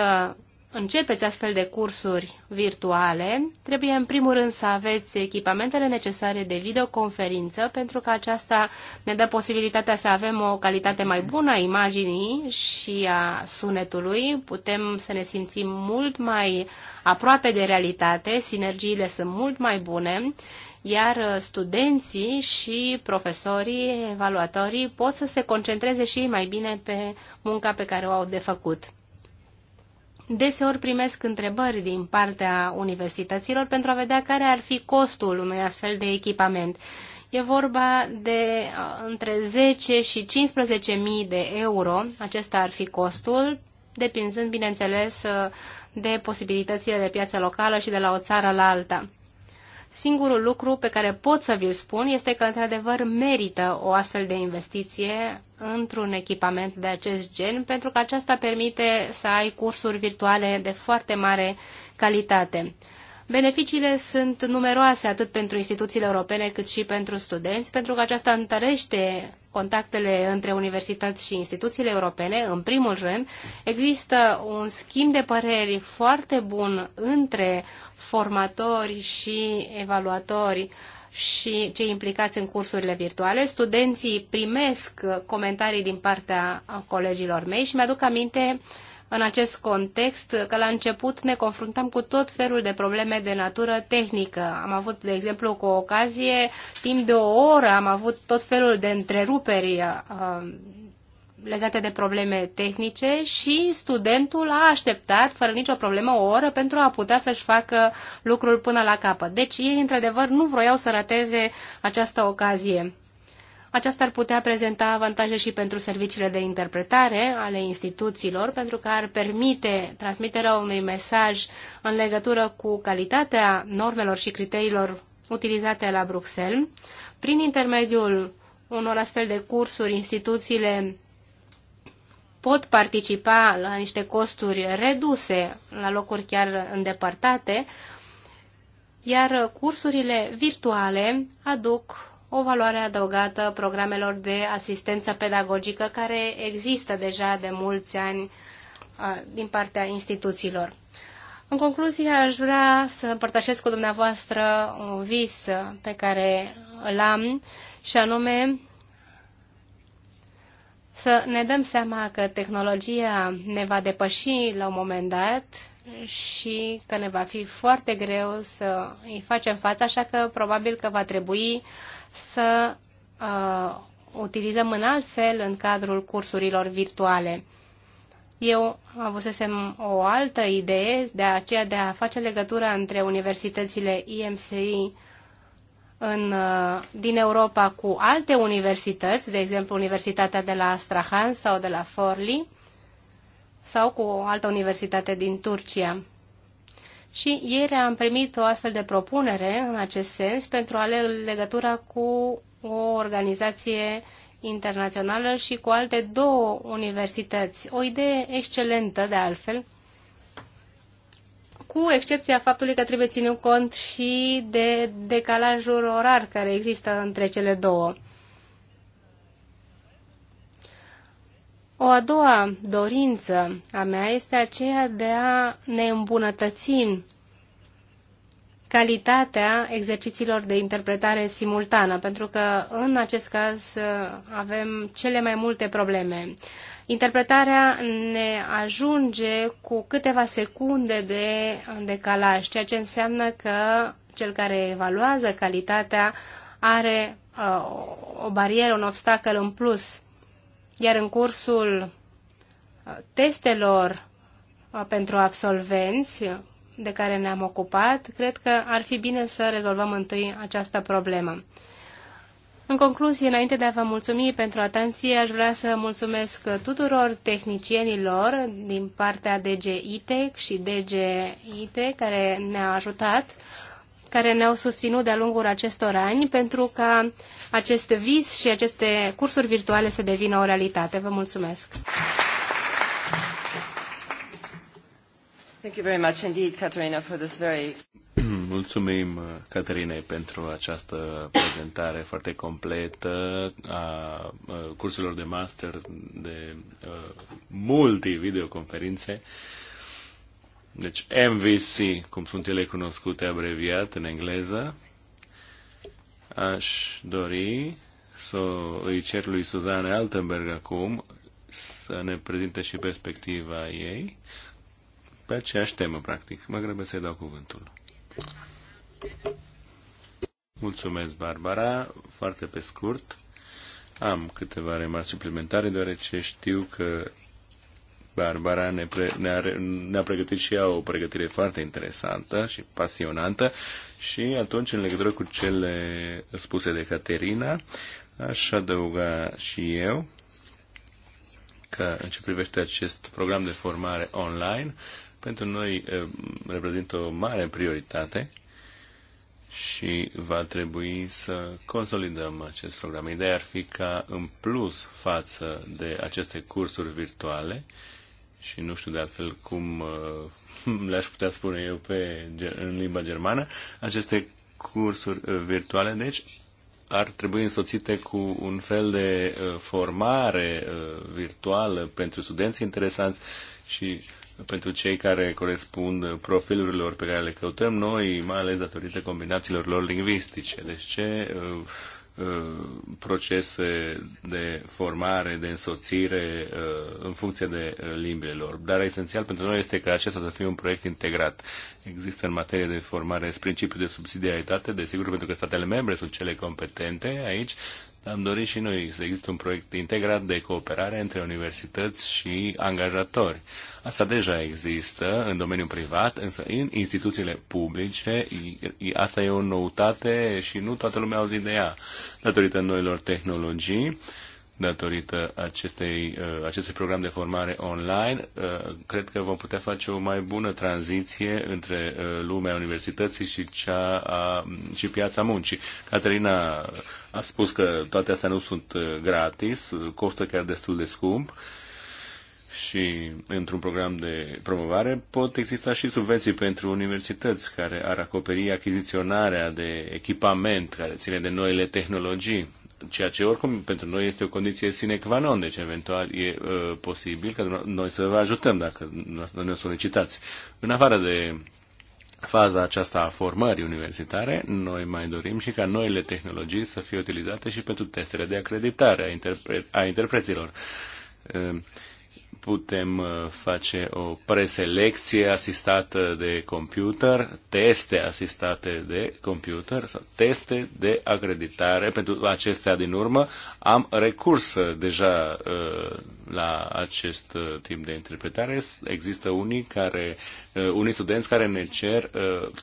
începeți astfel de cursuri virtuale, trebuie în primul rând să aveți echipamentele necesare de videoconferință, pentru că aceasta ne dă posibilitatea să avem o calitate mai bună a imaginii și a sunetului, putem să ne simțim mult mai aproape de realitate, sinergiile sunt mult mai bune, iar studenții și profesorii, evaluatorii pot să se concentreze și ei mai bine pe munca pe care o au de făcut deseori primesc întrebări din partea universităților pentru a vedea care ar fi costul unui astfel de echipament. E vorba de între 10 și 15.000 de euro, acesta ar fi costul, depinzând, bineînțeles, de posibilitățile de piață locală și de la o țară la alta. Singurul lucru pe care pot să vi-l spun este că, într-adevăr, merită o astfel de investiție într-un echipament de acest gen, pentru că aceasta permite să ai cursuri virtuale de foarte mare calitate. Beneficiile sunt numeroase atât pentru instituțiile europene cât și pentru studenți, pentru că aceasta întărește contactele între universități și instituțiile europene, în primul rând. Există un schimb de păreri foarte bun între formatori și evaluatori și cei implicați în cursurile virtuale. Studenții primesc comentarii din partea colegilor mei și mi-aduc aminte în acest context că la început ne confruntam cu tot felul de probleme de natură tehnică. Am avut, de exemplu, cu o ocazie, timp de o oră am avut tot felul de întreruperi uh, legate de probleme tehnice și studentul a așteptat fără nicio problemă o oră pentru a putea să-și facă lucrul până la capăt. Deci ei, într-adevăr, nu vroiau să rateze această ocazie. Aceasta ar putea prezenta avantaje și pentru serviciile de interpretare ale instituțiilor, pentru că ar permite transmiterea unui mesaj în legătură cu calitatea normelor și criteriilor utilizate la Bruxelles, prin intermediul unor astfel de cursuri, instituțiile pot participa la niște costuri reduse, la locuri chiar îndepărtate, iar cursurile virtuale aduc o valoare adăugată programelor de asistență pedagogică care există deja de mulți ani din partea instituțiilor. În concluzie, aș vrea să împărtășesc cu dumneavoastră un vis pe care îl am și anume să ne dăm seama că tehnologia ne va depăși la un moment dat și că ne va fi foarte greu să îi facem față, așa că probabil că va trebui să uh, utilizăm în alt fel în cadrul cursurilor virtuale. Eu avusesem o altă idee de aceea de a face legătura între universitățile IMCI în, uh, din Europa cu alte universități, de exemplu Universitatea de la Astrahan sau de la Forli, sau cu o altă universitate din Turcia. Și ieri am primit o astfel de propunere în acest sens pentru a le legătura cu o organizație internațională și cu alte două universități. O idee excelentă, de altfel, cu excepția faptului că trebuie ținut cont și de decalajul orar care există între cele două. O a doua dorință a mea este aceea de a ne îmbunătăți calitatea exercițiilor de interpretare simultană, pentru că în acest caz avem cele mai multe probleme interpretarea ne ajunge cu câteva secunde de decalaj, ceea ce înseamnă că cel care evaluează calitatea are uh, o barieră, un obstacol în plus. Iar în cursul uh, testelor uh, pentru absolvenți de care ne-am ocupat, cred că ar fi bine să rezolvăm întâi această problemă. În concluzie, înainte de a vă mulțumi pentru atenție, aș vrea să mulțumesc tuturor tehnicienilor din partea DG ITEC și DG IT care ne-au ajutat, care ne-au susținut de-a lungul acestor ani pentru ca acest vis și aceste cursuri virtuale să devină o realitate. Vă mulțumesc! Thank you very much indeed, Caterina, for this very Mulțumim, uh, Caterinei, pentru această prezentare foarte completă a uh, cursurilor de master de uh, multi-videoconferințe. Deci MVC, cum sunt ele cunoscute abreviat în engleză. Aș dori să îi cer lui Suzanne Altenberg acum să ne prezinte și perspectiva ei pe aceeași temă, practic. Mă grăbesc să-i dau cuvântul. Mulțumesc, Barbara. Foarte pe scurt. Am câteva remarci suplimentare, deoarece știu că Barbara ne pre- ne-a, ne-a pregătit și ea o pregătire foarte interesantă și pasionantă și atunci, în legătură cu cele spuse de Caterina, aș adăuga și eu că în ce privește acest program de formare online, uh, pentru noi eh, reprezintă o mare prioritate și va trebui să consolidăm acest program. Ideea ar fi ca în plus față de aceste cursuri virtuale și nu știu de altfel cum eh, le-aș putea spune eu pe, în limba germană, aceste cursuri eh, virtuale, deci ar trebui însoțite cu un fel de formare virtuală pentru studenți interesanți și pentru cei care corespund profilurilor pe care le căutăm noi, mai ales datorită combinațiilor lor lingvistice. Deci ce uh, uh, procese de formare, de însoțire uh, în funcție de limbile lor. Dar esențial pentru noi este că acesta să fie un proiect integrat. Există în materie de formare principiul de subsidiaritate, desigur, pentru că statele membre sunt cele competente aici, am dorit și noi să există un proiect integrat de cooperare între universități și angajatori. Asta deja există în domeniul privat, însă în instituțiile publice asta e o noutate și nu toată lumea auzit de ea. Datorită noilor tehnologii, datorită acestei, uh, acestui program de formare online. Uh, cred că vom putea face o mai bună tranziție între uh, lumea universității și, cea a, și piața muncii. Caterina a spus că toate astea nu sunt gratis, costă chiar destul de scump și într-un program de promovare pot exista și subvenții pentru universități care ar acoperi achiziționarea de echipament care ține de noile tehnologii ceea ce oricum pentru noi este o condiție sine qua non, deci eventual e uh, posibil că noi să vă ajutăm dacă ne solicitați. În afară de faza aceasta a formării universitare, noi mai dorim și ca noile tehnologii să fie utilizate și pentru testele de acreditare a, interpre- a interpreților. Uh, putem uh, face o preselecție asistată de computer, teste asistate de computer sau teste de acreditare. Pentru acestea din urmă am recurs uh, deja uh, la acest tip de interpretare. Există unii, care, unii studenți care ne cer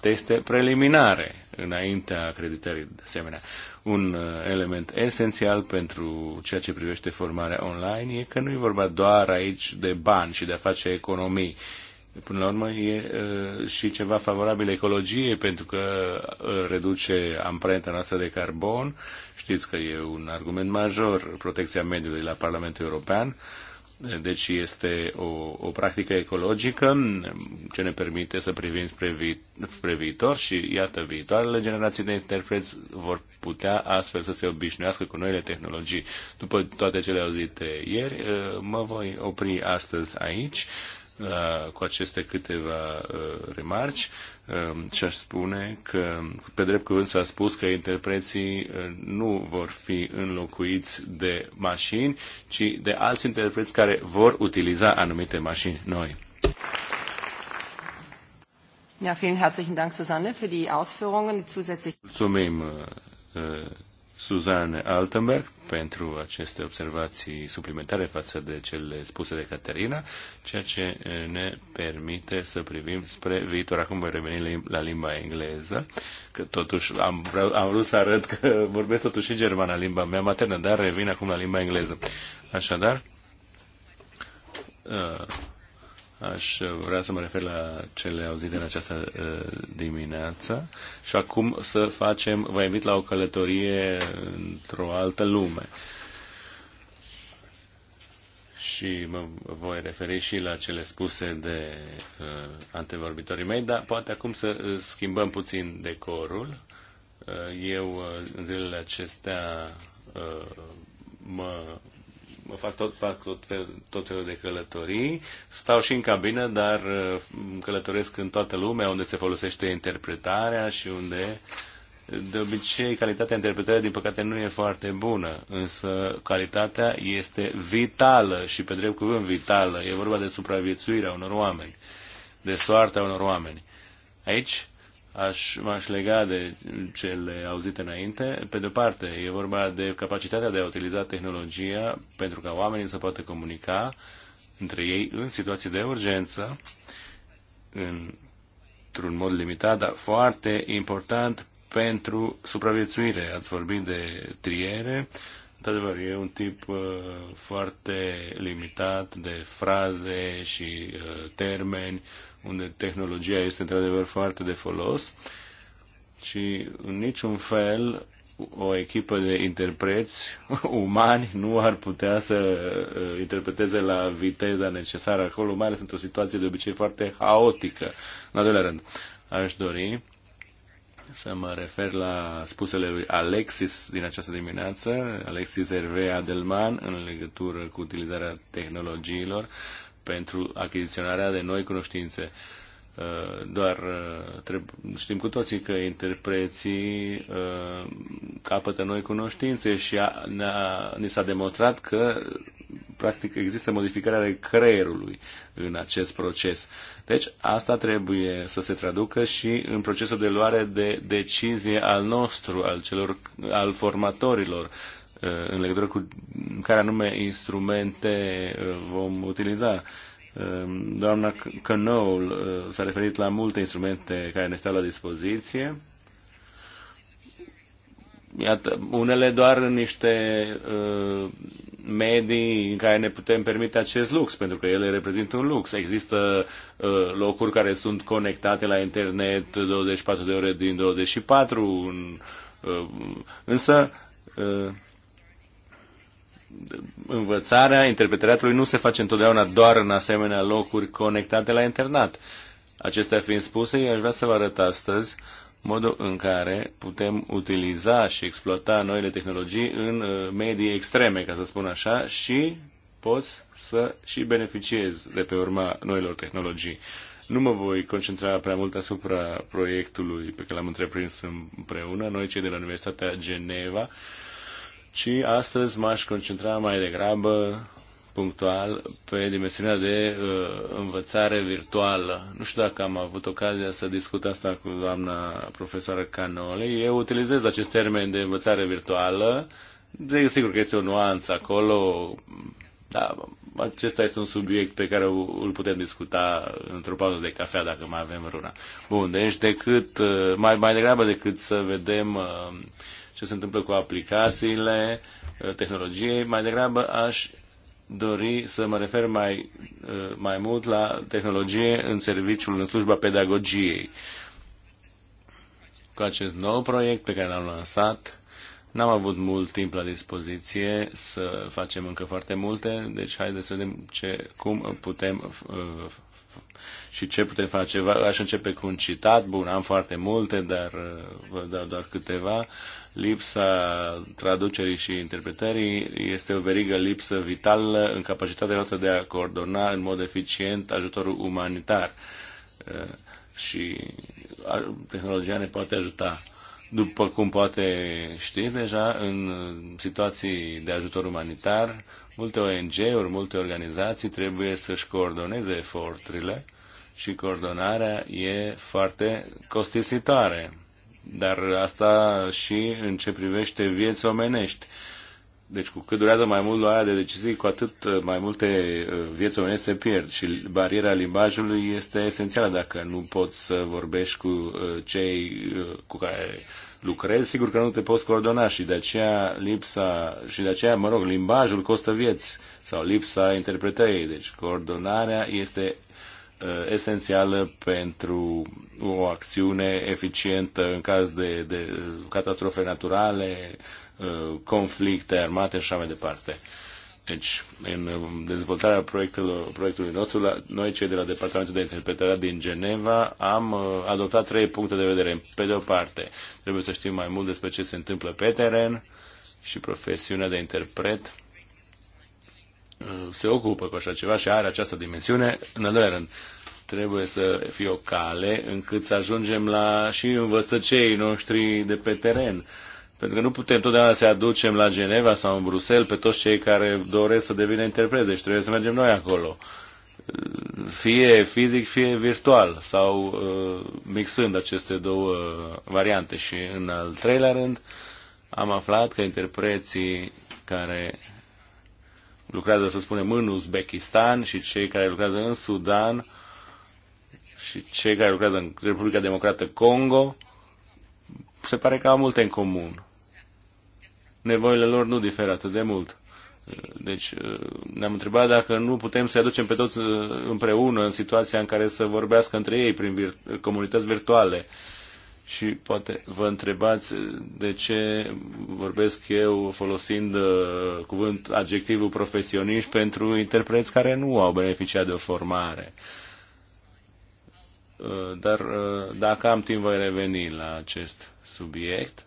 teste preliminare înaintea acreditării de asemenea. Un uh, element esențial pentru ceea ce privește formarea online e că nu e vorba doar aici de bani și de a face economii. Până la urmă e uh, și ceva favorabil ecologie pentru că uh, reduce amprenta noastră de carbon. Știți că e un argument major protecția mediului la Parlamentul European deci este o, o practică ecologică ce ne permite să privim spre, vi, spre viitor și, iată, viitoarele generații de interpreți vor putea astfel să se obișnuiască cu noile tehnologii. După toate cele auzite ieri, mă voi opri astăzi aici la, cu aceste câteva uh, remarci uh, și aș spune că, pe drept cuvânt s-a spus că interpreții uh, nu vor fi înlocuiți de mașini, ci de alți interpreți care vor utiliza anumite mașini noi. Ja, vielen herzlichen Dank, Susanne, für die Ausführungen, die zusätzlichen. Mulțumim, uh, uh Susanne Altenberg, pentru aceste observații suplimentare față de cele spuse de Caterina, ceea ce ne permite să privim spre viitor. Acum voi reveni la limba engleză, că totuși am, vreau, am vrut să arăt că vorbesc totuși și germana, limba mea maternă, dar revin acum la limba engleză. Așadar, uh, Aș vrea să mă refer la cele auzite în această ă, dimineață și acum să facem, vă invit la o călătorie într-o altă lume. Și mă voi referi și la cele spuse de uh, antevorbitorii mei, dar poate acum să ă, schimbăm puțin decorul. Uh, eu, uh, în zilele acestea, uh, mă Mă fac tot, fac tot, fel, tot felul de călătorii, stau și în cabină, dar uh, călătoresc în toată lumea unde se folosește interpretarea și unde de obicei calitatea interpretării din păcate nu e foarte bună, însă calitatea este vitală și pe drept cuvânt vitală. E vorba de supraviețuirea unor oameni, de soarta unor oameni. Aici aș, m-aș lega de cele auzite înainte. Pe de-o parte, e vorba de capacitatea de a utiliza tehnologia pentru ca oamenii să poată comunica între ei în situații de urgență, într-un mod limitat, dar foarte important pentru supraviețuire. Ați vorbit de triere. Într-adevăr, e un tip uh, foarte limitat de fraze și uh, termeni unde tehnologia este într-adevăr foarte de folos și în niciun fel o echipă de interpreți umani nu ar putea să uh, interpreteze la viteza necesară acolo, mai ales într-o situație de obicei foarte haotică. În al doilea rând, aș dori să mă refer la spusele lui Alexis din această dimineață, Alexis Hervé Delman, în legătură cu utilizarea tehnologiilor pentru achiziționarea de noi cunoștințe. Uh, doar uh, știm cu toții că interpreții uh, capătă noi cunoștințe și a, a, ni s-a demonstrat că practic există modificarea creierului în acest proces. Deci asta trebuie să se traducă și în procesul de luare de decizie al nostru, al celor, al formatorilor, în legătură cu care anume instrumente uh, vom utiliza. Um, doamna Cănoul uh, s-a referit la multe instrumente care ne stau la dispoziție. Iată, unele doar în niște uh, medii în care ne putem permite acest lux, pentru că ele reprezintă un lux. Există uh, locuri care sunt conectate la internet 24 de ore din 24, în, uh, însă uh, învățarea interpretariatului nu se face întotdeauna doar în asemenea locuri conectate la internat. Acestea fiind spuse, aș vrea să vă arăt astăzi modul în care putem utiliza și exploata noile tehnologii în uh, medii extreme, ca să spun așa, și poți să și beneficiezi de pe urma noilor tehnologii. Nu mă voi concentra prea mult asupra proiectului pe care l-am întreprins împreună, noi cei de la Universitatea Geneva, ci astăzi m-aș concentra mai degrabă punctual pe dimensiunea de uh, învățare virtuală. Nu știu dacă am avut ocazia să discut asta cu doamna profesoară Canole. Eu utilizez acest termen de învățare virtuală. De, sigur că este o nuanță acolo. Da, acesta este un subiect pe care îl putem discuta într-o pauză de cafea dacă mai avem vreuna. Bun, deci decât, uh, mai, mai degrabă decât să vedem uh, ce se întâmplă cu aplicațiile uh, tehnologiei. Mai degrabă aș dori să mă refer mai, uh, mai mult la tehnologie în serviciul, în slujba pedagogiei. Cu acest nou proiect pe care l-am lansat, N-am avut mult timp la dispoziție să facem încă foarte multe, deci haideți să vedem ce, cum putem uh, și ce putem face. Aș începe cu un citat, bun, am foarte multe, dar uh, vă dau doar câteva. Lipsa traducerii și interpretării este o verigă lipsă vitală în capacitatea noastră de a coordona în mod eficient ajutorul umanitar uh, și tehnologia ne poate ajuta. După cum poate știți deja, în situații de ajutor umanitar, multe ONG-uri, multe organizații trebuie să-și coordoneze eforturile și coordonarea e foarte costisitoare. Dar asta și în ce privește vieți omenești. Deci cu cât durează mai mult luarea de decizii, cu atât uh, mai multe uh, vieți omenești se pierd și bariera limbajului este esențială dacă nu poți să vorbești cu uh, cei cu care lucrezi, sigur că nu te poți coordona și de aceea lipsa, și de aceea, mă rog, limbajul costă vieți sau lipsa interpretării. Deci coordonarea este Uh, esențială pentru o acțiune eficientă în caz de, de catastrofe naturale, uh, conflicte armate și așa mai departe. Deci, în dezvoltarea proiectului nostru, noi cei de la Departamentul de Interpretare din Geneva am uh, adoptat trei puncte de vedere. Pe de o parte, trebuie să știm mai mult despre ce se întâmplă pe teren și profesiunea de interpret se ocupă cu așa ceva și are această dimensiune. În al doilea rând, trebuie să fie o cale încât să ajungem la și învățăcei noștri de pe teren. Pentru că nu putem totdeauna să aducem la Geneva sau în Bruxelles pe toți cei care doresc să devină interpreți, deci trebuie să mergem noi acolo. Fie fizic, fie virtual sau uh, mixând aceste două variante. Și în al treilea rând am aflat că interpreții care lucrează, să spunem, în Uzbekistan și cei care lucrează în Sudan și cei care lucrează în Republica Democrată Congo, se pare că au multe în comun. Nevoile lor nu diferă atât de mult. Deci ne-am întrebat dacă nu putem să-i aducem pe toți împreună în situația în care să vorbească între ei prin vir- comunități virtuale. Și poate vă întrebați de ce vorbesc eu folosind uh, cuvânt, adjectivul profesioniști pentru interpreți care nu au beneficiat de o formare. Uh, Uh, dar uh, dacă am timp voi reveni la acest subiect.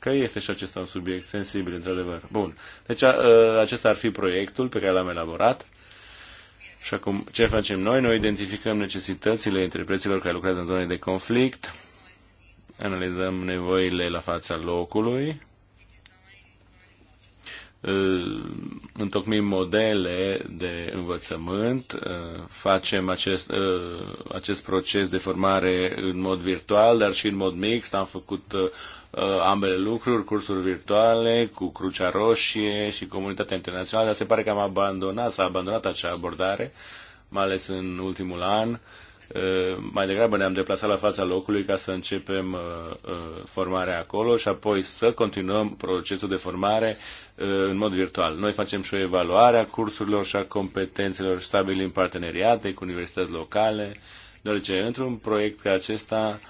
Că este și acesta un subiect sensibil, într-adevăr. Bun. Deci a, uh, acesta ar fi proiectul pe care l-am elaborat. Și acum, ce facem noi? Noi identificăm necesitățile interpreților care lucrează în zone de conflict, analizăm nevoile la fața locului, întocmim modele de învățământ, facem acest, acest proces de formare în mod virtual, dar și în mod mixt. Am făcut ambele lucruri, cursuri virtuale cu Crucea Roșie și comunitatea internațională, dar se pare că am abandonat, s-a abandonat acea abordare, mai ales în ultimul an Eh, mai degrabă ne-am deplasat la fața locului ca să începem eh, eh, formarea acolo și apoi să continuăm procesul de formare în mod virtual. Noi facem și o evaluare a cursurilor și a competențelor, stabilim parteneriate cu universități locale, deoarece într-un proiect ca acesta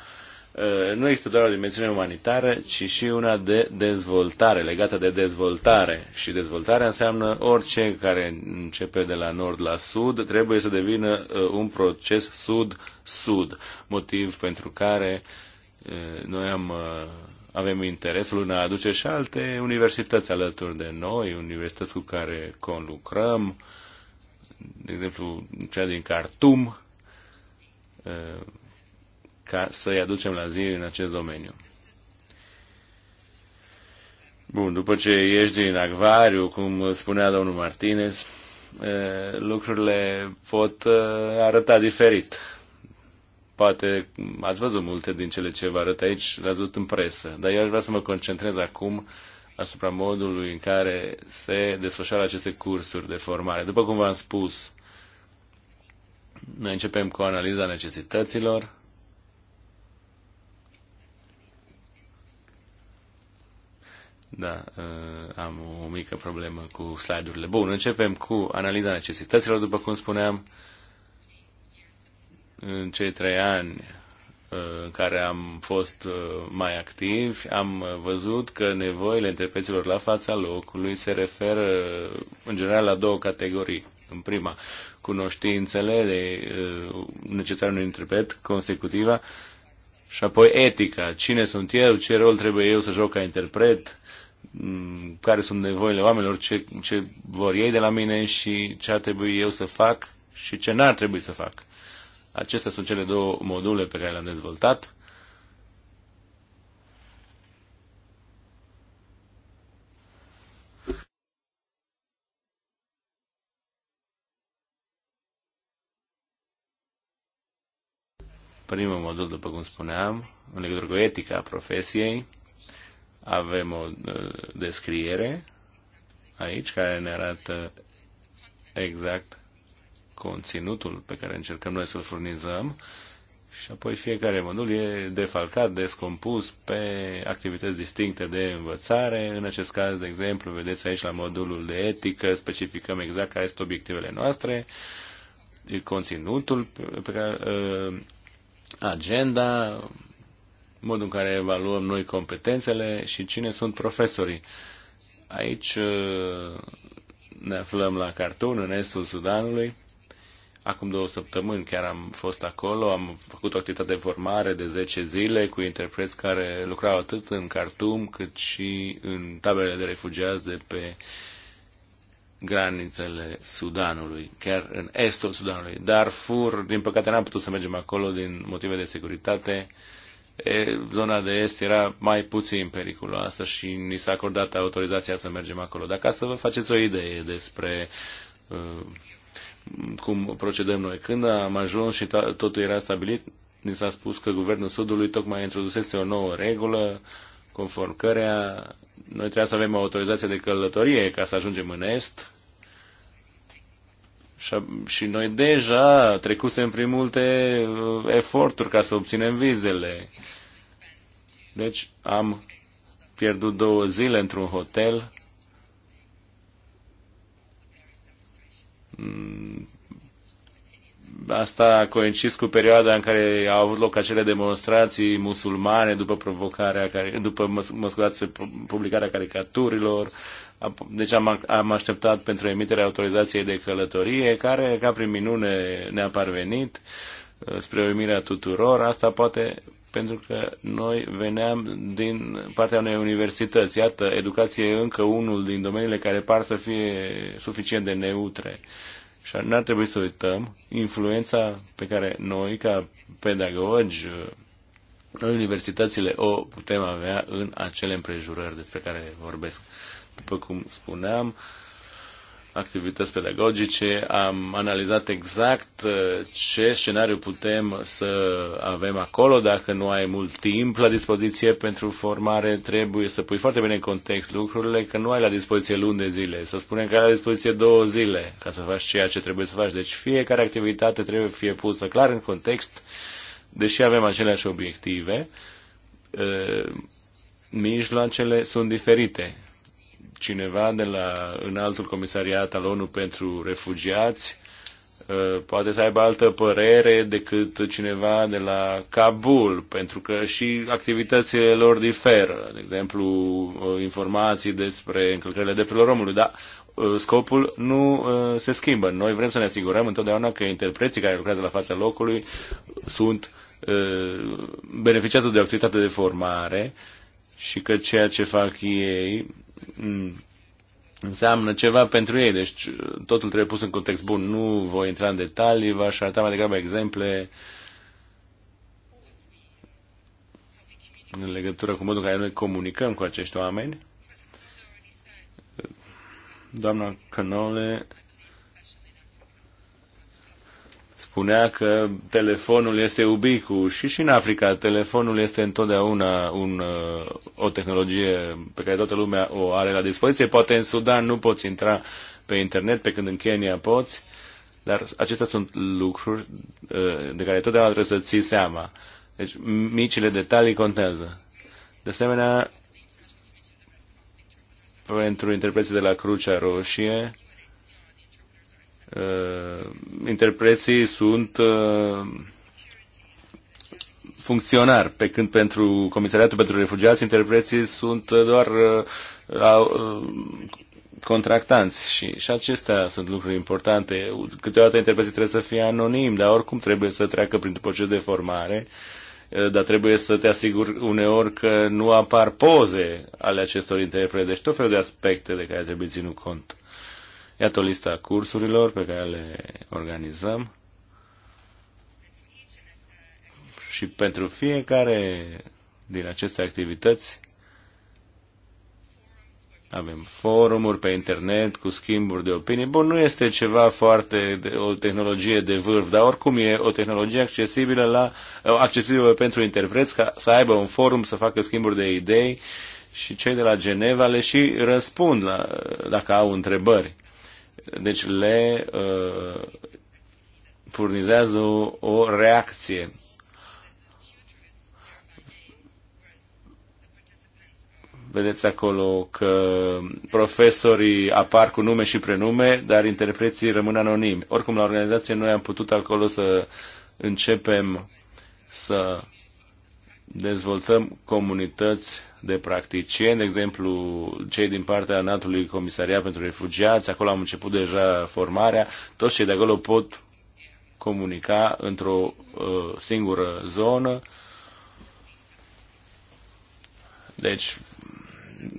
Eh, nu există doar o dimensiune umanitară, ci și una de dezvoltare, legată de dezvoltare. Și dezvoltarea înseamnă orice care începe de la nord la sud, trebuie să devină eh, un proces sud-sud, motiv pentru care eh, noi am, avem interesul în a aduce și alte universități alături de noi, universități cu care conlucrăm, de exemplu cea din Cartum ca să-i aducem la zi în acest domeniu. Bun, după ce ieși din acvariu, cum spunea domnul Martinez, lucrurile pot arăta diferit. Poate ați văzut multe din cele ce vă arăt aici, le-ați văzut în presă, dar eu aș vrea să mă concentrez acum asupra modului în care se desfășoară aceste cursuri de formare. După cum v-am spus, noi începem cu analiza necesităților, Da, uh, am o mică problemă cu slide-urile. Bun, începem cu analiza necesităților, după cum spuneam. În cei trei ani uh, în care am fost uh, mai activi, am văzut că nevoile întreprinderilor la fața locului se referă în general la două categorii. În prima, cunoștințele de necesare unui interpret consecutiva și apoi etica. Cine sunt eu, ce rol trebuie eu să joc ca interpret, Mm, care sunt nevoile oamenilor, ce, ce vor ei de la mine și ce ar trebui eu să fac și ce n-ar trebui să fac. Acestea sunt cele două module pe care le-am dezvoltat. Primul modul, după cum spuneam, în legătură cu etica profesiei, avem o uh, descriere aici care ne arată exact conținutul pe care încercăm noi să-l furnizăm și apoi fiecare modul e defalcat, descompus pe activități distincte de învățare. În acest caz, de exemplu, vedeți aici la modulul de etică, specificăm exact care sunt obiectivele noastre, conținutul pe care, uh, agenda, modul în care evaluăm noi competențele și cine sunt profesorii. Aici uh, ne aflăm la Khartoum, în estul Sudanului. Acum două săptămâni chiar am fost acolo, am făcut o activitate de formare de 10 zile cu interpreți care lucrau atât în Cartum, cât și în taberele de refugiați de pe granițele Sudanului, chiar în estul Sudanului. Dar fur, din păcate, n-am putut să mergem acolo din motive de securitate zona de est era mai puțin periculoasă și ni s-a acordat autorizația să mergem acolo. Dacă să vă faceți o idee despre cum procedăm noi. Când am ajuns și totul era stabilit, ni s-a spus că Guvernul Sudului tocmai introdusese o nouă regulă conform cărea noi trebuia să avem o autorizație de călătorie ca să ajungem în Est și noi deja trecusem prin multe uh, eforturi ca să obținem vizele. Deci am pierdut două zile într-un hotel mm. asta a coincis cu perioada în care au avut loc acele demonstrații musulmane după provocarea care, după publicarea caricaturilor deci am, am așteptat pentru emiterea autorizației de călătorie, care, ca prin minune, ne-a parvenit uh, spre uimirea tuturor. Asta poate pentru că noi veneam din partea unei universități. Iată, educație e încă unul din domeniile care par să fie suficient de neutre. Și n-ar trebui să uităm influența pe care noi, ca pedagogi, uh, noi universitățile o putem avea în acele împrejurări despre care vorbesc. După cum spuneam, activități pedagogice, am analizat exact uh, ce scenariu putem să avem acolo. Dacă nu ai mult timp la dispoziție pentru formare, trebuie să pui foarte bine în context lucrurile, că nu ai la dispoziție luni de zile. Să spunem că ai la dispoziție două zile ca să faci ceea ce trebuie să faci. Deci fiecare activitate trebuie fie pusă clar în context, deși avem aceleași obiective, uh, mijloacele sunt diferite cineva de la înaltul comisariat al ONU pentru refugiați uh, poate să aibă altă părere decât cineva de la Kabul, pentru că și activitățile lor diferă, de exemplu, uh, informații despre încălcările drepturilor omului, dar uh, scopul nu se schimbă. Noi vrem să ne asigurăm întotdeauna că interpreții care lucrează la fața locului sunt beneficiază de o activitate de formare și că ceea ce fac ei Mm, înseamnă ceva pentru ei, deci totul trebuie pus în context bun. Nu voi intra în detalii, v-aș arăta mai degrabă exemple în legătură cu modul în care noi comunicăm cu acești oameni. Doamna Canole spunea că telefonul este ubicu și și în Africa telefonul este întotdeauna un, uh, o tehnologie pe care toată lumea o are la dispoziție. Poate în Sudan nu poți intra pe internet, pe când în Kenya poți, dar acestea sunt lucruri uh, de care totdeauna trebuie să ții seama. Deci micile detalii contează. De asemenea, pentru interpreții de la Crucea Roșie, uh, interpreții sunt uh, funcționari, pe când pentru Comisariatul pentru Refugiați interpreții sunt uh, doar uh, uh, contractanți și, și acestea sunt lucruri importante. Câteodată interpreții trebuie să fie anonimi, dar oricum trebuie să treacă prin proces de formare uh, dar trebuie să te asiguri uneori că nu apar poze ale acestor interprete. Deci tot felul de aspecte de care trebuie ținut cont. Iată o listă a cursurilor pe care le organizăm. Și pentru fiecare din aceste activități avem forumuri pe internet cu schimburi de opinii. Bun, nu este ceva foarte, o tehnologie de vârf, dar oricum e o tehnologie accesibilă, la, accesibilă pentru interpreți ca să aibă un forum, să facă schimburi de idei și cei de la Geneva le și răspund la, dacă au întrebări deci le uh, furnizează o, o reacție. Vedeți acolo că profesorii apar cu nume și prenume, dar interpreții rămân anonimi. Oricum, la organizație noi am putut acolo să începem să dezvoltăm comunități de practicieni, de exemplu, cei din partea Natului Comisariat pentru Refugiați, acolo am început deja formarea, toți cei de acolo pot comunica într-o uh, singură zonă. Deci,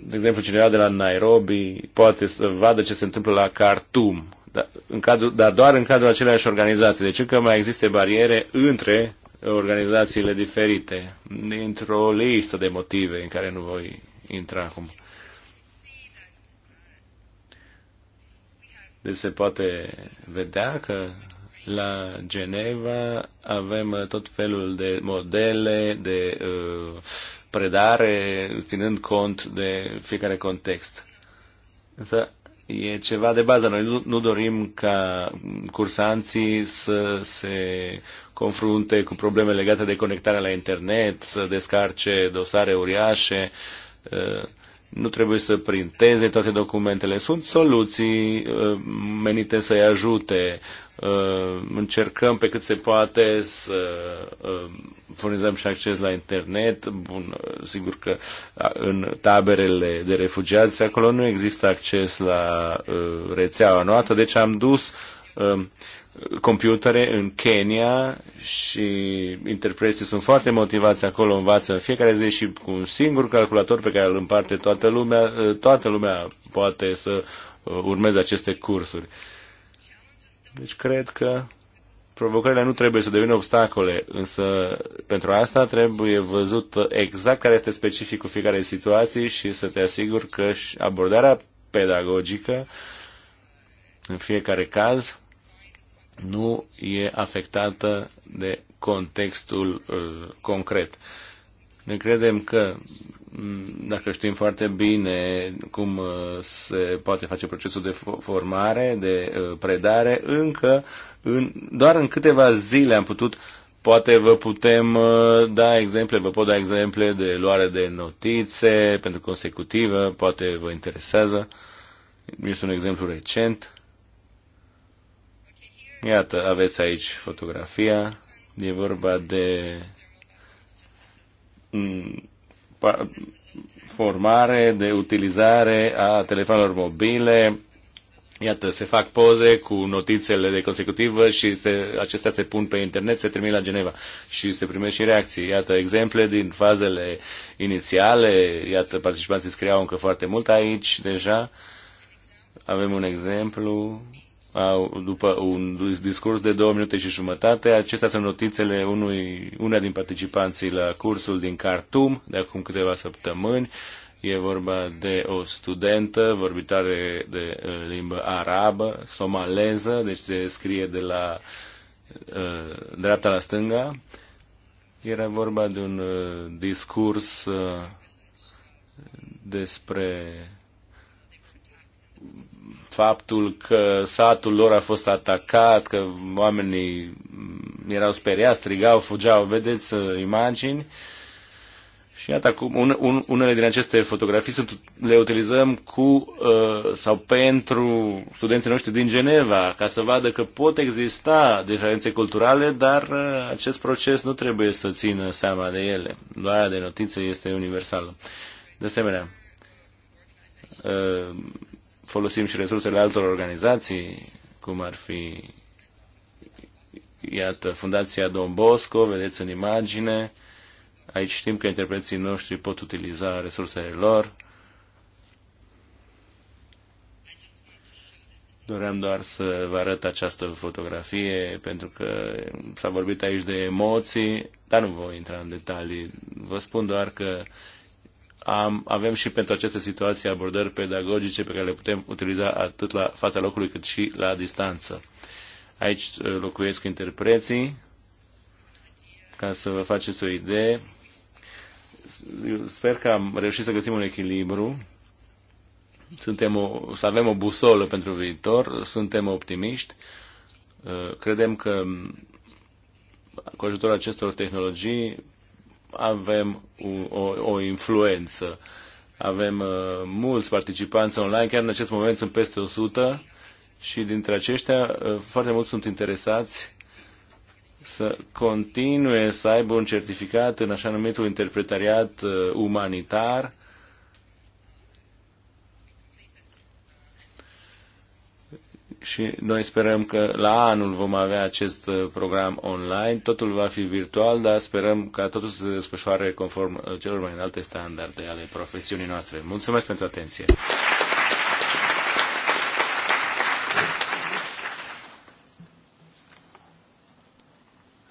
de exemplu, cineva de la Nairobi poate să vadă ce se întâmplă la Khartoum, dar, în cadrul, dar doar în cadrul aceleași organizații. Deci încă mai există bariere între organizațiile diferite, dintr-o listă de motive în care nu voi intra acum. Deci se poate vedea că la Geneva avem tot felul de modele de uh, predare, ținând cont de fiecare context. Însă e ceva de bază. Noi nu dorim ca cursanții să se confrunte cu probleme legate de conectarea la internet, să descarce dosare uriașe, nu trebuie să printeze toate documentele. Sunt soluții menite să-i ajute. Încercăm pe cât se poate să furnizăm și acces la internet. Bun, sigur că în taberele de refugiați acolo nu există acces la rețeaua noastră, deci am dus computere în Kenya și interpreții sunt foarte motivați acolo, învață în fiecare zi și cu un singur calculator pe care îl împarte toată lumea, toată lumea poate să uh, urmeze aceste cursuri. Deci cred că provocările nu trebuie să devină obstacole, însă pentru asta trebuie văzut exact care este specificul fiecare situații și să te asiguri că abordarea pedagogică în fiecare caz nu e afectată de contextul uh, concret. Ne credem că dacă știm foarte bine cum uh, se poate face procesul de formare, de uh, predare, încă în, doar în câteva zile am putut, poate vă putem uh, da exemple, vă pot da exemple de luare de notițe pentru consecutivă, poate vă interesează. Este un exemplu recent Iată, aveți aici fotografia. E vorba de mm, formare, de utilizare a telefonelor mobile. Iată, se fac poze cu notițele de consecutivă și se, acestea se pun pe internet, se trimit la Geneva și se primește și reacții. Iată, exemple din fazele inițiale, iată, participanții scriau încă foarte mult aici deja. Avem un exemplu după un discurs de două minute și jumătate. Acestea sunt notițele unui, una din participanții la cursul din Khartoum de acum câteva săptămâni. E vorba de o studentă vorbitoare de uh, limbă arabă, somaleză, deci se scrie de la uh, dreapta la stânga. Era vorba de un uh, discurs despre faptul că satul lor a fost atacat, că oamenii erau speriați, strigau, fugeau, vedeți uh, imagini. Și iată acum, un, un, unele din aceste fotografii sunt, le utilizăm cu uh, sau pentru studenții noștri din Geneva, ca să vadă că pot exista diferențe culturale, dar uh, acest proces nu trebuie să țină seama de ele. Luarea de notițe este universală. De asemenea, uh, folosim și resursele altor organizații, cum ar fi, iată, Fundația Don Bosco, vedeți în imagine, aici știm că interpreții noștri pot utiliza resursele lor. Doream doar să vă arăt această fotografie, pentru că s-a vorbit aici de emoții, dar nu voi intra în detalii. Vă spun doar că uh, am, avem și pentru aceste situații abordări pedagogice pe care le putem utiliza atât la fața locului cât și la distanță. Aici uh, locuiesc interpreții, ca să vă faceți o idee. Eu sper că am reușit să găsim un echilibru. Suntem o, să avem o busolă pentru viitor, suntem optimiști. Uh, credem că cu ajutorul acestor tehnologii avem o, o influență. Avem uh, mulți participanți online, chiar în acest moment sunt peste 100 și dintre aceștia uh, foarte mulți sunt interesați să continue să aibă un certificat în așa numitul interpretariat uh, umanitar și noi sperăm că la anul vom avea acest uh, program online. Totul va fi virtual, dar sperăm ca totul să se desfășoare conform uh, celor mai înalte standarde ale profesiunii noastre. Mulțumesc pentru atenție!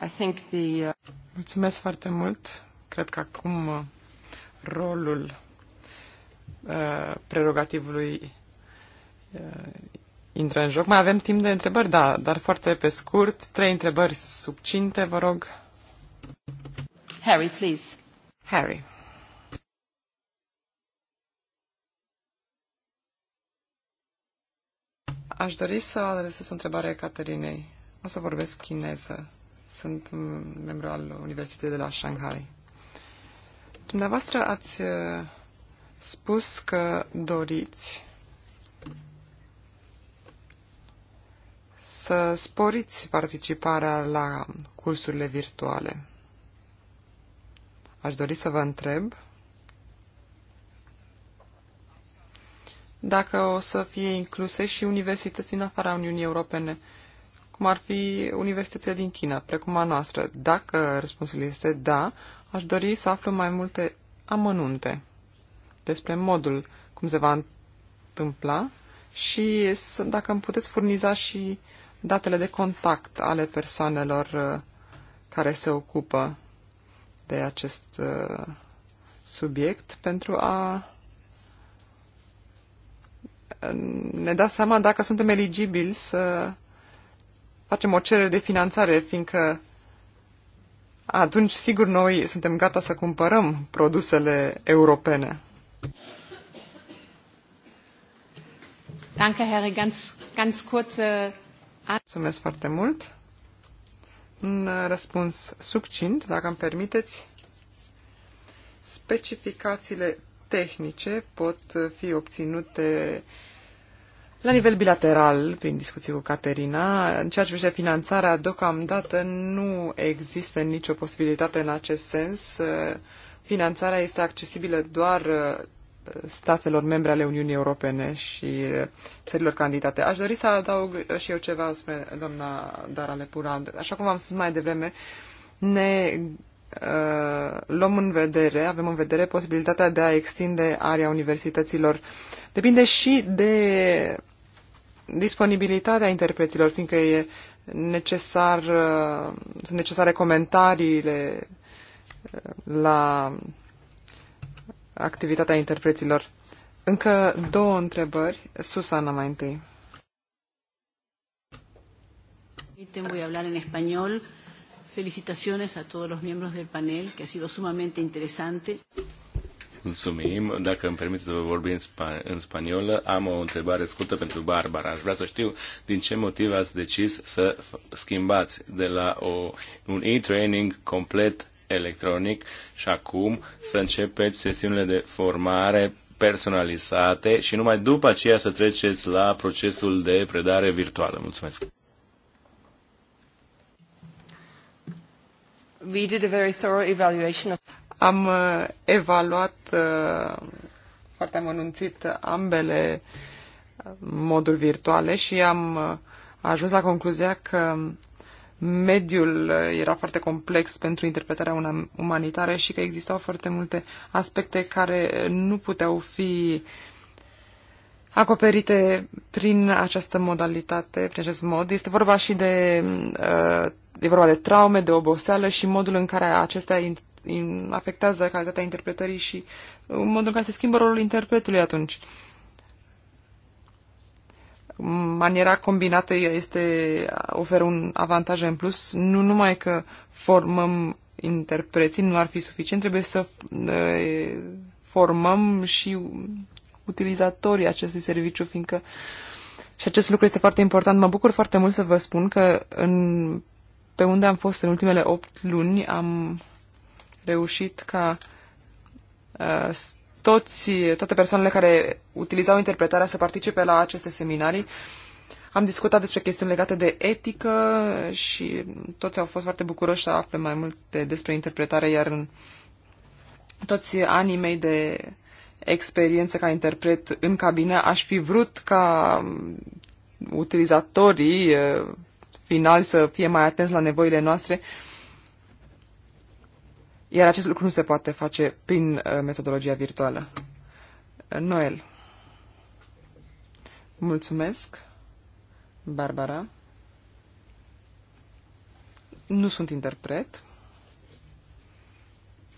I think the... Uh, Mulțumesc foarte mult. Cred că acum rolul uh, prerogativului uh, intră în joc. Mai avem timp de întrebări, da, dar foarte pe scurt. Trei întrebări subcinte, vă rog. Harry, please. Harry. Aș dori să adresez o întrebare Caterinei. O să vorbesc chineză. Sunt membru al Universității de la Shanghai. Dumneavoastră ați uh, spus că doriți să sporiți participarea la cursurile virtuale. Aș dori să vă întreb dacă o să fie incluse și universități din afara Uniunii Europene, cum ar fi universitățile din China, precum a noastră. Dacă răspunsul este da, aș dori să aflu mai multe amănunte despre modul cum se va întâmpla și dacă îmi puteți furniza și datele de contact ale persoanelor uh, care se ocupă de acest uh, subiect pentru a uh, ne da seama dacă suntem eligibili să facem o cerere de finanțare, fiindcă atunci, sigur, noi suntem gata să cumpărăm produsele europene. Danke, Harry. Ganz, ganz kurze Mulțumesc foarte mult. Un răspuns succint, dacă îmi permiteți. Specificațiile tehnice pot fi obținute la nivel bilateral, prin discuții cu Caterina, în ceea ce privește finanțarea, deocamdată nu există nicio posibilitate în acest sens. Finanțarea este accesibilă doar statelor membre ale Uniunii Europene și eh, țărilor candidate. Aș dori să adaug și eu ceva spre doamna Dara Lepuran. Așa cum am spus mai devreme, ne uh, luăm în vedere, avem în vedere posibilitatea de a extinde area universităților. Depinde și de disponibilitatea interpreților, fiindcă e necesar, uh, sunt necesare comentariile la activitatea interpreților. Încă două întrebări. Susana mai întâi. Voy a hablar en español. Felicitaciones a todos los miembros del panel, que ha sido sumamente interesante. Mulțumim. Dacă îmi permiteți să vă vorbim în, spa- în spaniolă, am o întrebare scurtă pentru Barbara. Aș vrea să știu din ce motiv ați decis să schimbați de la o, un e-training complet electronic și acum să începeți sesiunile de formare personalizate și numai după aceea să treceți la procesul de predare virtuală. Mulțumesc! We did a very thorough evaluation of... Am uh, evaluat uh, foarte amănunțit ambele uh, moduri virtuale și am ajuns la concluzia că mediul uh, era foarte complex pentru interpretarea una, umanitară și că existau foarte multe aspecte care uh, nu puteau fi acoperite prin această modalitate, prin acest mod. Este vorba și de, uh, e vorba de traume, de oboseală și modul în care acestea afectează calitatea interpretării și modul în care se schimbă rolul interpretului atunci maniera combinată este oferă un avantaj în plus, nu numai că formăm interpreții, nu ar fi suficient, trebuie să formăm și utilizatorii acestui serviciu, fiindcă și acest lucru este foarte important. Mă bucur foarte mult să vă spun că în, pe unde am fost în ultimele opt luni am reușit ca uh, toți, toate persoanele care utilizau interpretarea să participe la aceste seminarii. Am discutat despre chestiuni legate de etică și toți au fost foarte bucuroși să afle mai multe despre interpretare, iar în toți anii mei de experiență ca interpret în cabină, aș fi vrut ca utilizatorii eh, finali să fie mai atenți la nevoile noastre iar acest lucru nu se poate face prin uh, metodologia virtuală. Uh, Noel. Mulțumesc. Barbara. Nu sunt interpret,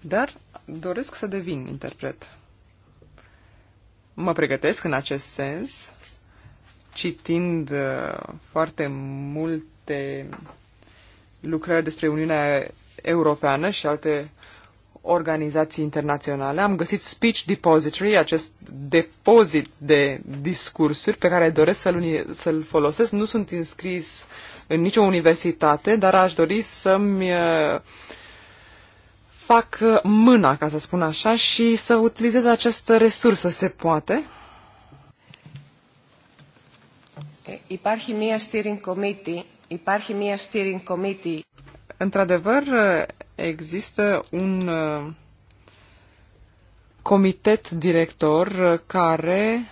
dar doresc să devin interpret. Mă pregătesc în acest sens, citind uh, foarte multe lucrări despre Uniunea Europeană și alte organizații internaționale. Am găsit Speech Depository, acest depozit de discursuri pe care doresc să-l, să-l folosesc. Nu sunt înscris în nicio universitate, dar aș dori să-mi uh, fac mâna, ca să spun așa, și să utilizez această resursă, se poate. Υπάρχει μία steering committee. Υπάρχει μία steering committee. Într-adevăr, există un uh, comitet director uh, care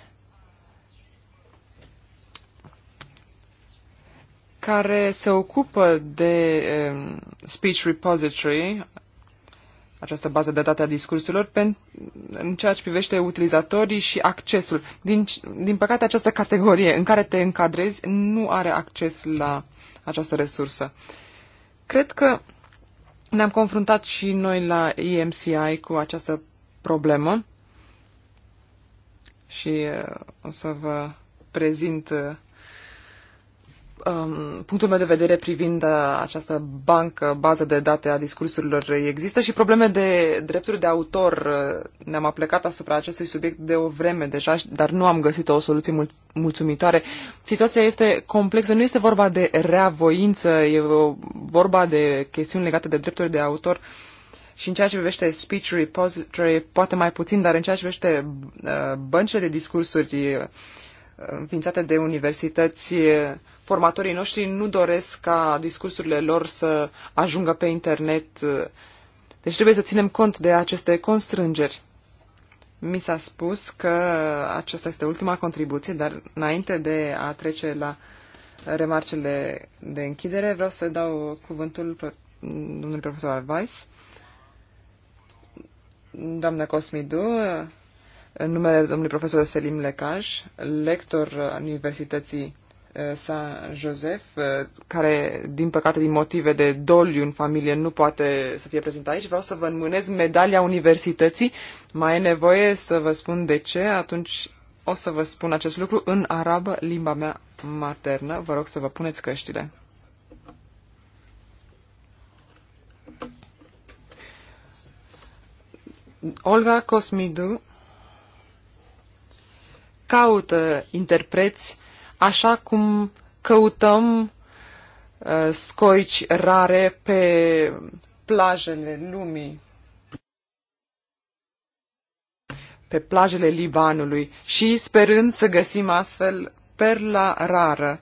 care se ocupă de um, Speech Repository, această bază de date a discursurilor, pen, în ceea ce privește utilizatorii și accesul. Din, din păcate, această categorie în care te încadrezi nu are acces la această resursă. Cred că ne-am confruntat și noi la EMCI cu această problemă și uh, o să vă prezint uh, um, punctul meu de vedere privind uh, această bancă, bază de date a discursurilor, există și probleme de drepturi de autor. Uh, ne-am aplecat asupra acestui subiect de o vreme deja, dar nu am găsit o soluție mul- mulțumitoare. Situația este complexă, nu este vorba de reavoință, e vorba de chestiuni legate de drepturi de autor. Și în ceea ce privește speech repository, poate mai puțin, dar în ceea ce privește uh, băncile de discursuri înființate de universități, formatorii noștri nu doresc ca discursurile lor să ajungă pe internet. Uh, deci trebuie să ținem cont de aceste constrângeri. Mi s-a spus că aceasta este ultima contribuție, dar înainte de a trece la remarcele de închidere, vreau să dau cuvântul domnului profesor Weiss, Doamna Cosmidu, în numele domnului profesor Selim Lecaj, lector al Universității Saint-Joseph, uh, care, din păcate, din motive de doliu în familie, nu poate să fie prezent aici. Vreau să vă înmânez medalia universității. Mai e nevoie să vă spun de ce, atunci o să vă spun acest lucru în arabă, limba mea maternă. Vă rog să vă puneți căștile. Olga Cosmidu caută interpreți așa cum căutăm uh, scoici rare pe plajele lumii, pe plajele Libanului și sperând să găsim astfel perla rară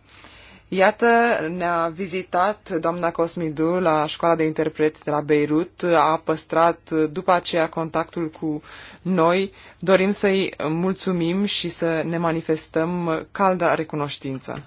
Iată, ne-a vizitat doamna Cosmidu la școala de interpreți de la Beirut, a păstrat după aceea contactul cu noi. Dorim să-i mulțumim și să ne manifestăm calda recunoștință.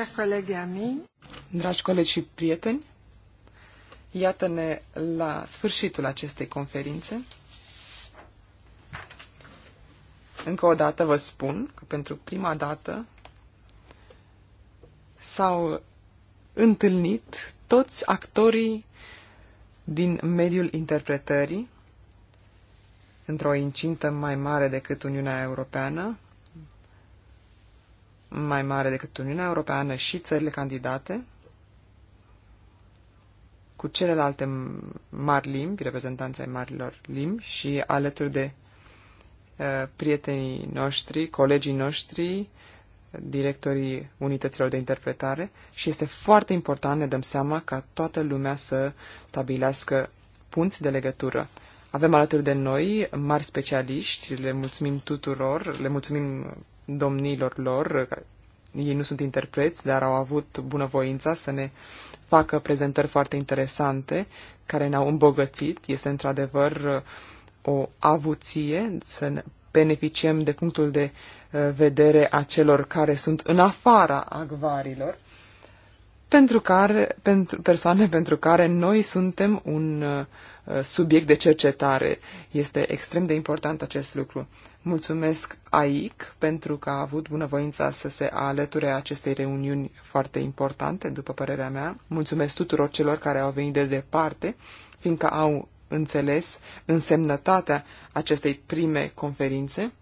chers collègues et amis. Dragi colegi și prieteni, iată-ne la sfârșitul acestei conferințe. Încă o dată vă spun că pentru prima dată s-au întâlnit toți actorii din mediul interpretării într-o incintă mai mare decât Uniunea Europeană, mai mare decât Uniunea Europeană și țările candidate, cu celelalte mari limbi, reprezentanții marilor limbi și alături de uh, prietenii noștri, colegii noștri, directorii unităților de interpretare și este foarte important, ne dăm seama, ca toată lumea să stabilească punți de legătură. Avem alături de noi mari specialiști, le mulțumim tuturor, le mulțumim domnilor lor, ei nu sunt interpreți, dar au avut bunăvoința să ne facă prezentări foarte interesante, care ne-au îmbogățit. Este într-adevăr o avuție să beneficiem de punctul de uh, vedere a celor care sunt în afara agvarilor, pentru care, pentru persoane pentru care noi suntem un uh, Uh, subiect de cercetare. Este extrem de important acest lucru. Mulțumesc AIC pentru că a avut bunăvoința să se alăture acestei reuniuni foarte importante, după părerea mea. Mulțumesc tuturor celor care au venit de departe, fiindcă au înțeles însemnătatea acestei prime conferințe,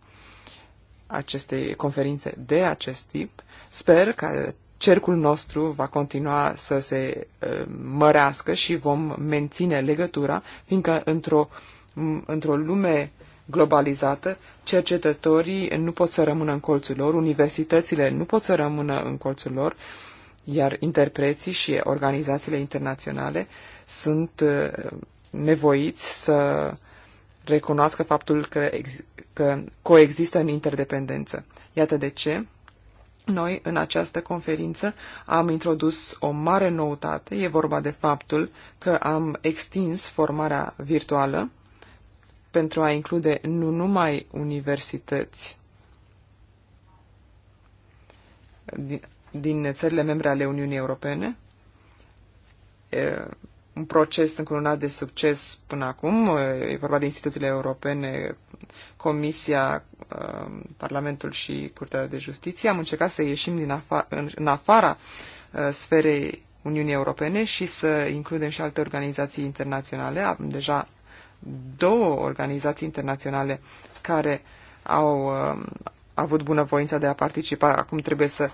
acestei conferințe de acest tip. Sper că cercul nostru va continua să se mărească și vom menține legătura, fiindcă într-o, într-o lume globalizată, cercetătorii nu pot să rămână în colțul lor, universitățile nu pot să rămână în colțul lor, iar interpreții și organizațiile internaționale sunt nevoiți să recunoască faptul că, că coexistă în interdependență. Iată de ce noi, în această conferință, am introdus o mare noutate, e vorba de faptul că am extins formarea virtuală pentru a include nu numai universități din, din țările membre ale Uniunii Europene, e, un proces încununat de succes până acum, e vorba de instituțiile europene, Comisia Um, Parlamentul și Curtea de Justiție, am încercat să ieșim din afa- în, în afara uh, sferei Uniunii Europene și să includem și alte organizații internaționale. Am deja două organizații internaționale care au um, avut bunăvoința de a participa. Acum trebuie să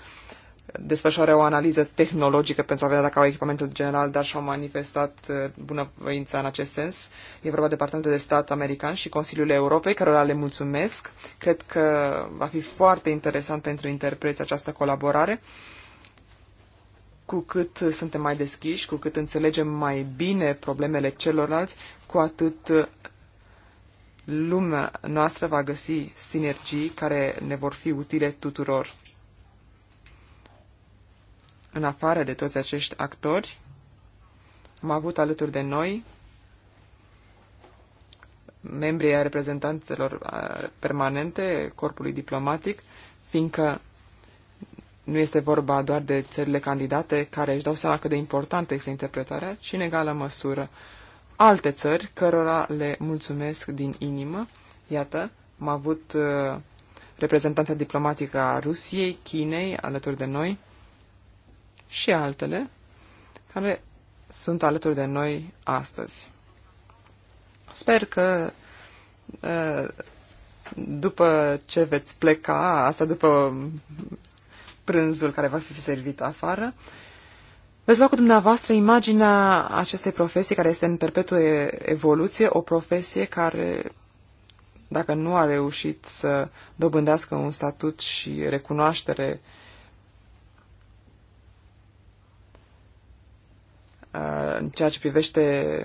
desfășoare o analiză tehnologică pentru a vedea dacă au echipamentul general, dar și-au manifestat uh, bunăvoința în acest sens. E vorba de Departamentul de Stat American și Consiliul Europei, cărora le mulțumesc. Cred că va fi foarte interesant pentru interpreți această colaborare. Cu cât suntem mai deschiși, cu cât înțelegem mai bine problemele celorlalți, cu atât uh, lumea noastră va găsi sinergii care ne vor fi utile tuturor în afară de toți acești actori, am avut alături de noi membrii ai reprezentanțelor uh, permanente corpului diplomatic, fiindcă nu este vorba doar de țările candidate care își dau seama cât de importantă este interpretarea, ci în egală măsură alte țări cărora le mulțumesc din inimă. Iată, am avut uh, reprezentanța diplomatică a Rusiei, Chinei, alături de noi, și altele care sunt alături de noi astăzi. Sper că după ce veți pleca, asta după prânzul care va fi servit afară, veți lua cu dumneavoastră imaginea acestei profesii care este în perpetuă evoluție, o profesie care, dacă nu a reușit să dobândească un statut și recunoaștere în ceea ce privește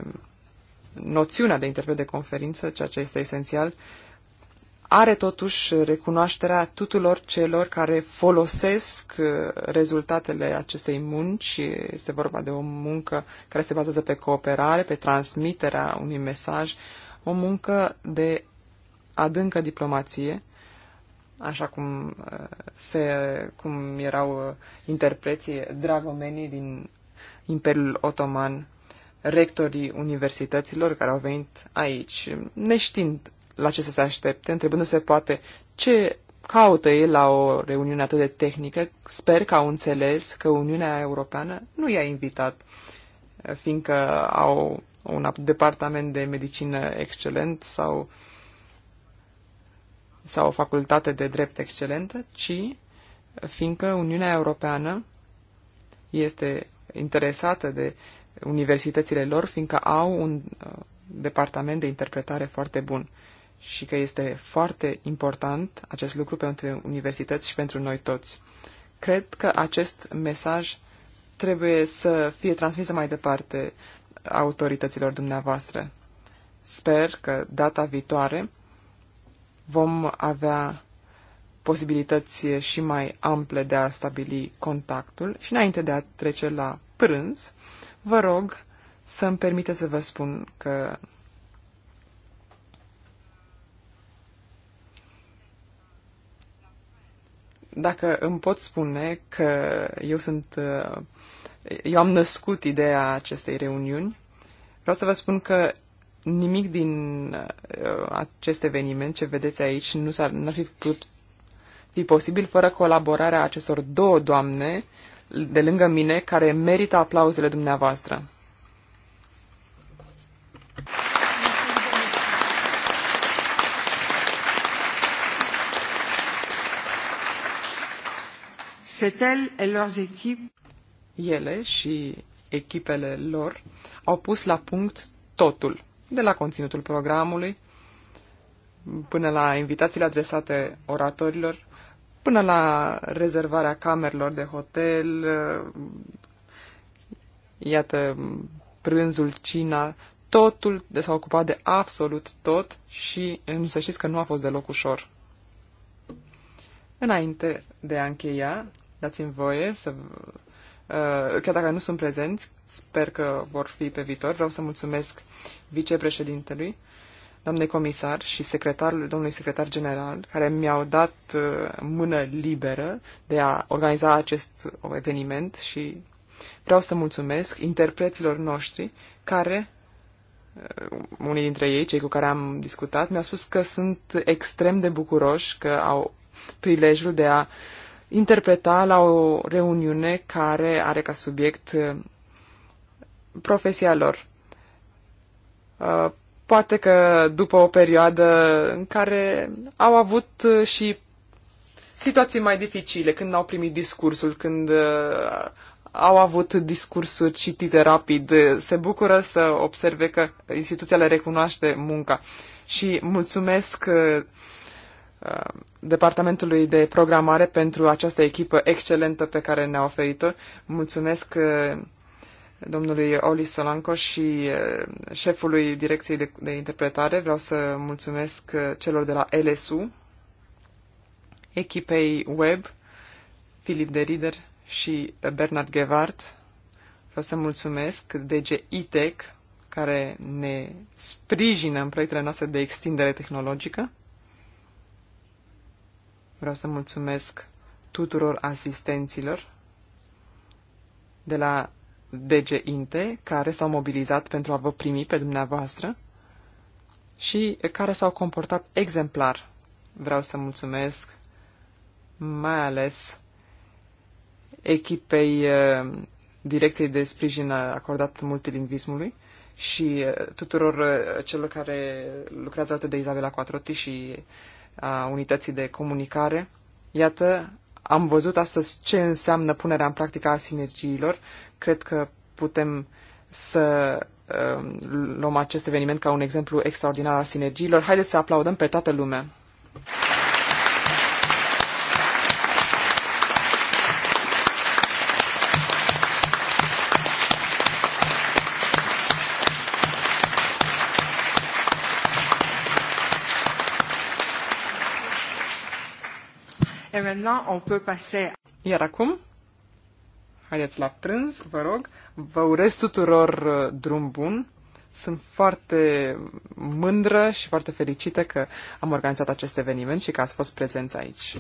noțiunea de interpret de conferință, ceea ce este esențial, are totuși recunoașterea tuturor celor care folosesc uh, rezultatele acestei munci. Este vorba de o muncă care se bazează pe cooperare, pe transmiterea unui mesaj, o muncă de adâncă diplomație, așa cum, uh, se, cum erau uh, interpreții dragomenii din Imperiul Otoman rectorii universităților care au venit aici, neștiind la ce să se aștepte, întrebându-se poate ce caută el la o reuniune atât de tehnică. Sper că au înțeles că Uniunea Europeană nu i-a invitat, fiindcă au un departament de medicină excelent sau, sau o facultate de drept excelentă, ci fiindcă Uniunea Europeană este interesată de universitățile lor, fiindcă au un uh, departament de interpretare foarte bun și că este foarte important acest lucru pentru universități și pentru noi toți. Cred că acest mesaj trebuie să fie transmisă mai departe autorităților dumneavoastră. Sper că data viitoare vom avea posibilități și mai ample de a stabili contactul și înainte de a trece la prânz, vă rog să îmi permite să vă spun că dacă îmi pot spune că eu sunt eu am născut ideea acestei reuniuni, vreau să vă spun că nimic din uh, acest eveniment ce vedeți aici nu s-ar, n-ar fi putut fi posibil fără colaborarea acestor două doamne de lângă mine, care merită aplauzele dumneavoastră. Ele și echipele lor au pus la punct totul, de la conținutul programului până la invitațiile adresate oratorilor, până la rezervarea camerelor de hotel, uh, iată, prânzul, cina, totul s-a ocupat de absolut tot și să știți că nu a fost deloc ușor. Înainte de a încheia, dați-mi voie să uh, chiar dacă nu sunt prezenți, sper că vor fi pe viitor. Vreau să mulțumesc vicepreședintelui doamnei comisar și secretarul domnului secretar general, care mi-au dat uh, mână liberă de a organiza acest eveniment și vreau să mulțumesc interpreților noștri care uh, unii dintre ei, cei cu care am discutat, mi-au spus că sunt extrem de bucuroși că au prilejul de a interpreta la o reuniune care are ca subiect uh, profesia lor. Poate că după o perioadă în care au avut uh, și situații mai dificile, când au primit discursul, când uh, au avut discursuri citite rapid, uh, se bucură să observe că instituția le recunoaște munca. Și mulțumesc Departamentului de Programare pentru această echipă excelentă pe care ne-a oferit-o. Mulțumesc domnului Oli Solanco și șefului Direcției de, de Interpretare. Vreau să mulțumesc celor de la LSU, echipei web, Filip de Rider și Bernard Gevart. Vreau să mulțumesc DG ITEC, care ne sprijină în proiectele noastre de extindere tehnologică. Vreau să mulțumesc tuturor asistenților de la DG Inte care s-au mobilizat pentru a vă primi pe dumneavoastră și care s-au comportat exemplar. Vreau să mulțumesc mai ales echipei eh, Direcției de Sprijin acordat multilingvismului și eh, tuturor eh, celor care lucrează atât de Izabela Quatroti și a unității de comunicare. Iată, am văzut astăzi ce înseamnă punerea în practică a sinergiilor Cred că putem să um, luăm acest eveniment ca un exemplu extraordinar al sinergiilor. Haideți să aplaudăm pe toată lumea! Iar acum Haideți la prânz, vă rog. Vă urez tuturor uh, drum bun. Sunt foarte mândră și foarte fericită că am organizat acest eveniment și că ați fost prezenți aici.